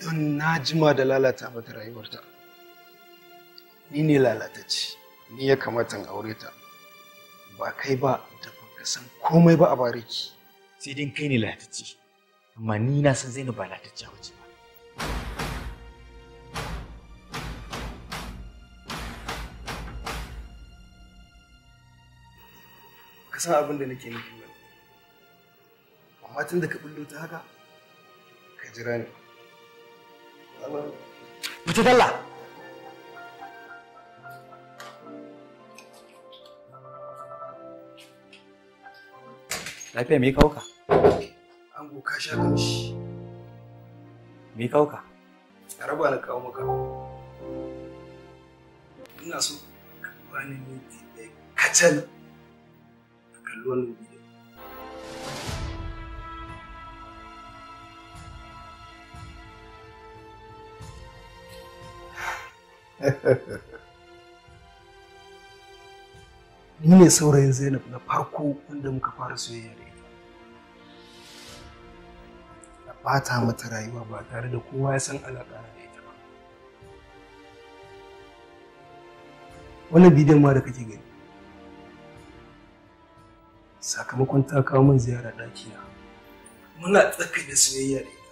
A: Don na jima da lalata mata rayuwarta. Ni ne ce, ni ya kamata aure ta. Ba kai ba da ka san komai ba a bariki. Sai dai kai ne ce. amma ni na san Zainab ba a bace. ka san abin da nake nufi ba amma tun da ka
B: bullo ta haka
A: ka jira ni Mace dalla! Lafiya mai kauka? An ka sha kamshi. mai kauka? A raba na kawo maka. Ina so ka bani ne kacal. kalli
C: wannan
A: Ni ne saurayin Zainab na farko wanda muka fara soyayya da ita. Na bata mata rayuwa ba tare da kowa ya san alaƙa da ita ba. Wannan bidiyon ma da kake gani. sakamakon ta kawo min ziyara ɗakina muna tsaka da soyayya da ita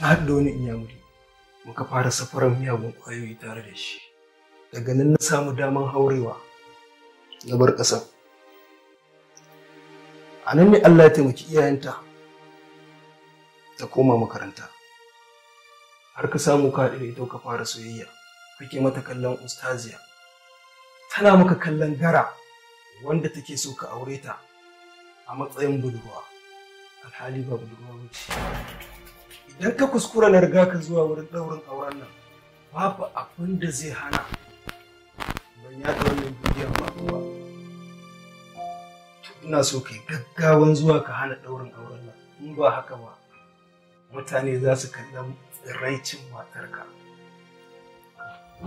A: na haɗa wani inyamuri muka fara safaran miyagun ƙwayoyi tare da shi daga nan na samu daman haurewa na bar ƙasa a nan ne allah ya taimaki iyayenta ta koma makaranta har ka samu ka da ita ka fara soyayya kuke mata kallon ustaziya tana maka kallon gara wanda take so ka aure ta a matsayin budurwa alhali ba budurwa ba idan ka kuskura na riga ka zuwa wurin ɗaurin auren nan babu abin da zai hana ban ta wannan bidiyon ba kuma ina so kai gaggawan zuwa ka hana ɗaurin auren nan in ba haka ba mutane za su kallon tsiraicin matarka.
C: Me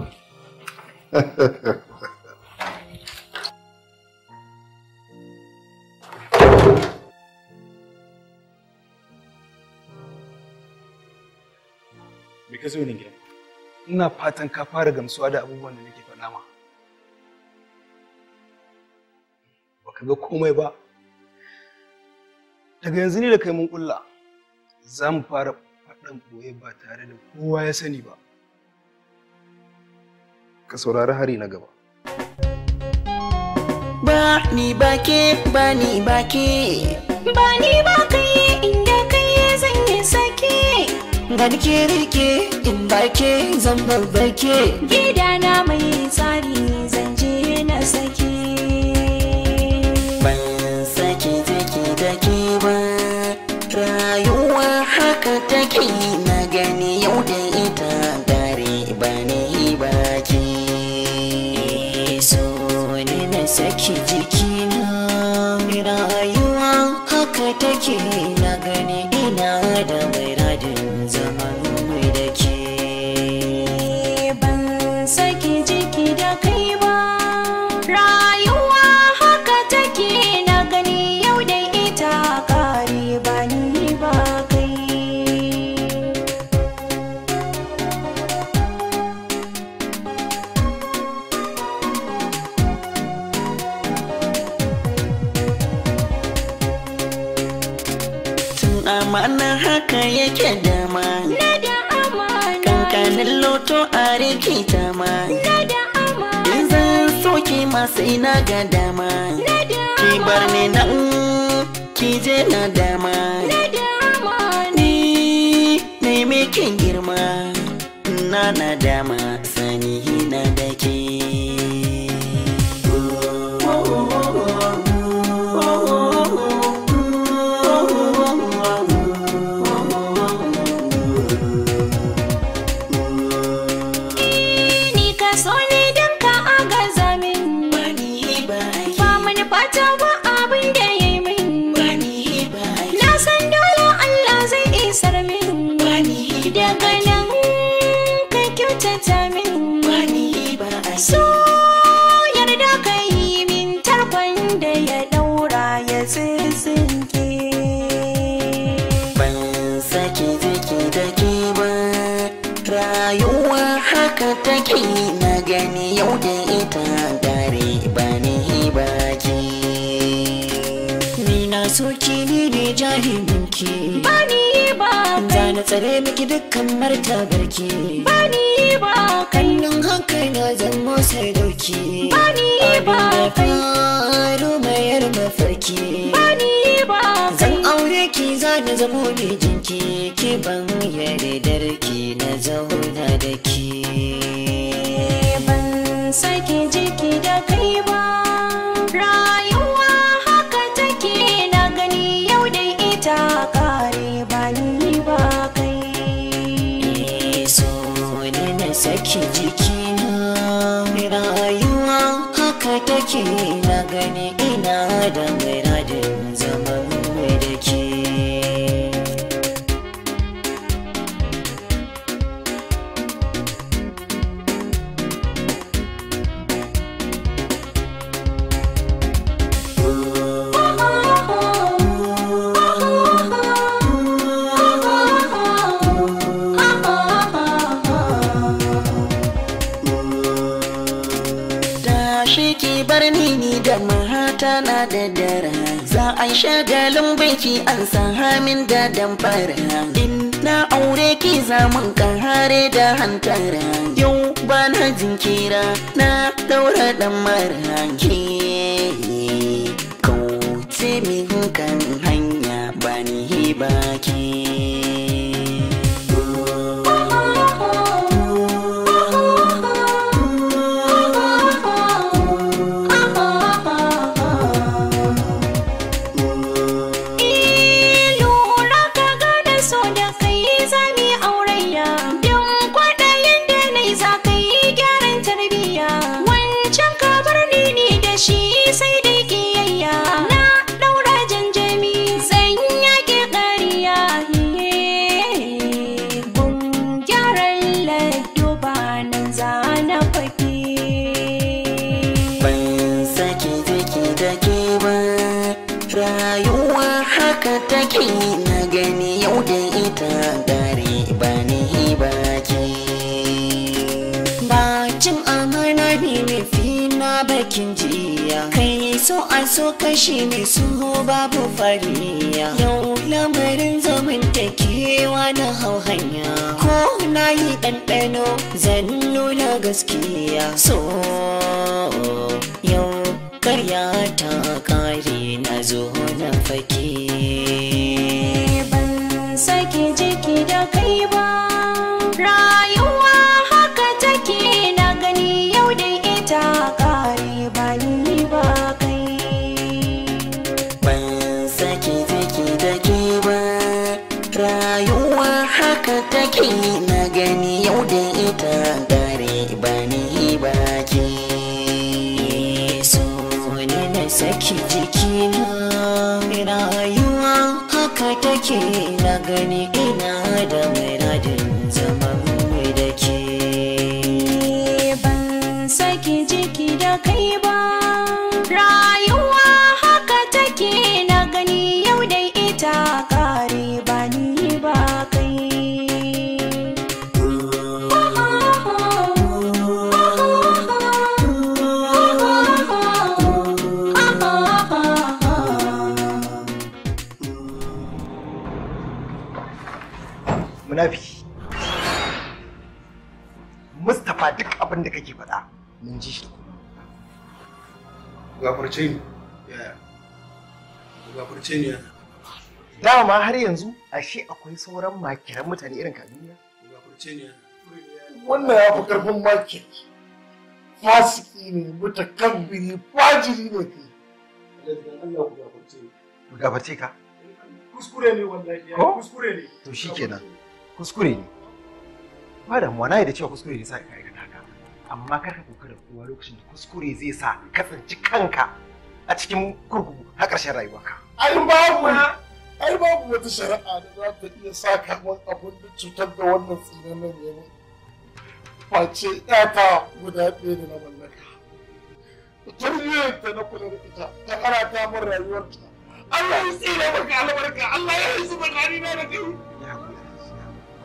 B: ka
A: zo ne gidan? Ina fatan ka fara gamsuwa da abubuwan da nake faɗa ma. Ba ka ga komai ba. Daga yanzu ni da kai mun ƙulla, za mu fara faɗan ɓoye ba tare da kowa ya sani ba. ka saurari hari na gaba
H: ba ni ba ke ba ni ba ke ba ni ba kai inda kai zan yi sake ni ke rike in ba ke zan babbake gidana mai tsari zan je na sake ban sake take take ba rayuwa haka take ke na gani ina da mai rajin da dama na da amana kankanin loto a rikita ma na da amana zan soke masu ina ga dama na da ki bar ni na ki je na dama na da amana ni ne girma na na dama tsare miki dukkan barki ba ni ba kallon hankali na zan motsa dauki ba ni ba faru mayar mafarki ba ni ba zan aure ki za na zamo jinki ki ban darki na zauna da ki tana da dara za a shagalin banki an san hamin da damfara in na aure ki zamun kan hare da hantara yau ba na jinkira na daura dan mara ke kauce min kan hanya ba ni baki kin jiya kai so a so kashi ne su babu fariya yau lamarin zamantakewa na hau hanya ko na yi ɗanɗano zan nuna gaskiya so yau karya ta kare na zo na fake
A: dama har yanzu ashe akwai sauran makiran mutane irin ka duniya
B: wannan ya fi karfin fasiki ne ke ka kuskure ne wallahi
A: kuskure ne to shikenan kuskure ne ba na da cewa kuskure ne sai ka amma kar ka kokara kowa lokacin da kuskure zai sa ka tsinci kanka a cikin kurkuku har ƙarshen rayuwarka.
B: Ai babu ai babu wata shari'a da za ta iya sa ka wani abun da cutar da wannan tsinanin ya ce Face ɗata guda ɗaya da na mallaka. Tarbiyyar ta na kula da ita ta karata min rayuwarta. Allah ya tsira maka albarka
A: Allah ya yi zuba
H: na da kai.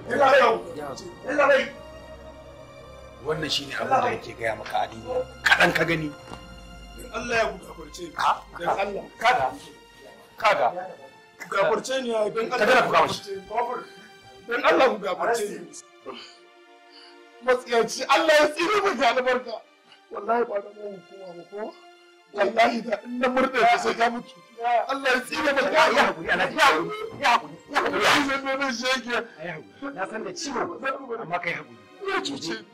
B: Ya yau. Ya wannan shi ne abin da yake gaya maka a duniya kaɗan ka gani Allah ya kwarce don Allah kada kada ne don Allah don Allah matsiyaci Allah ya tsire mu da albarka wallahi ba da mu kowa ba ko wallahi da in na murɗe ka sai ka mutu Allah ya tsire mu da ya ya ya ya ya ya ya ya
C: ya ya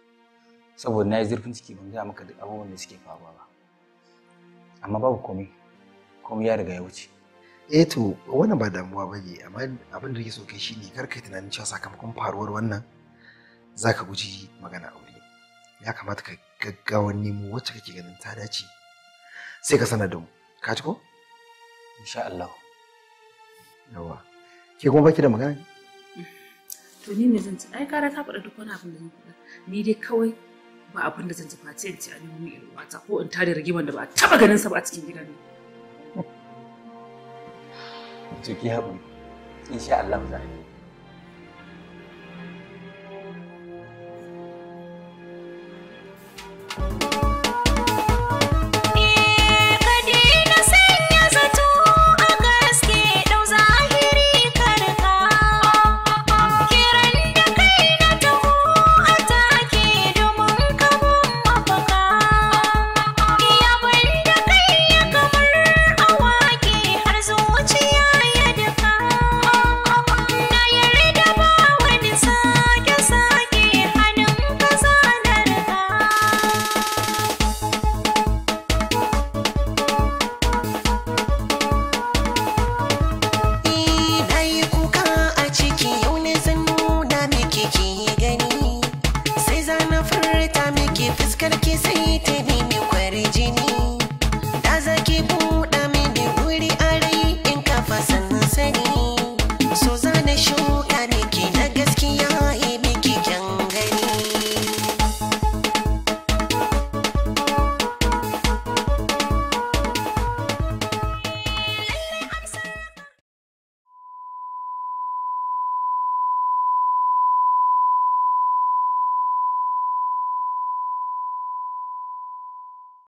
A: saboda na yi zurfin ciki ban gaya maka duk abubuwan da suke faruwa ba amma babu komai komai ya riga ya wuce eh to wannan ba damuwa ba ne amma abin da yake so kai shine kar kai tunanin cewa sakamakon faruwar wannan zaka guji magana aure ya kamata ka gaggawa nemo wacce kake ganin ta dace sai ka sanar da mu ka ci ko insha Allah yawa ke kuma baki da magana
D: to ni ne zan ci ai kara ka faɗa duk wani abin da zan faɗa ni dai kawai ba abin da zan ji face in ci a nemo min wata ko in tada rigiman da ba taba ganin sa ba a cikin gidan ne.
A: To ki insha Allah za a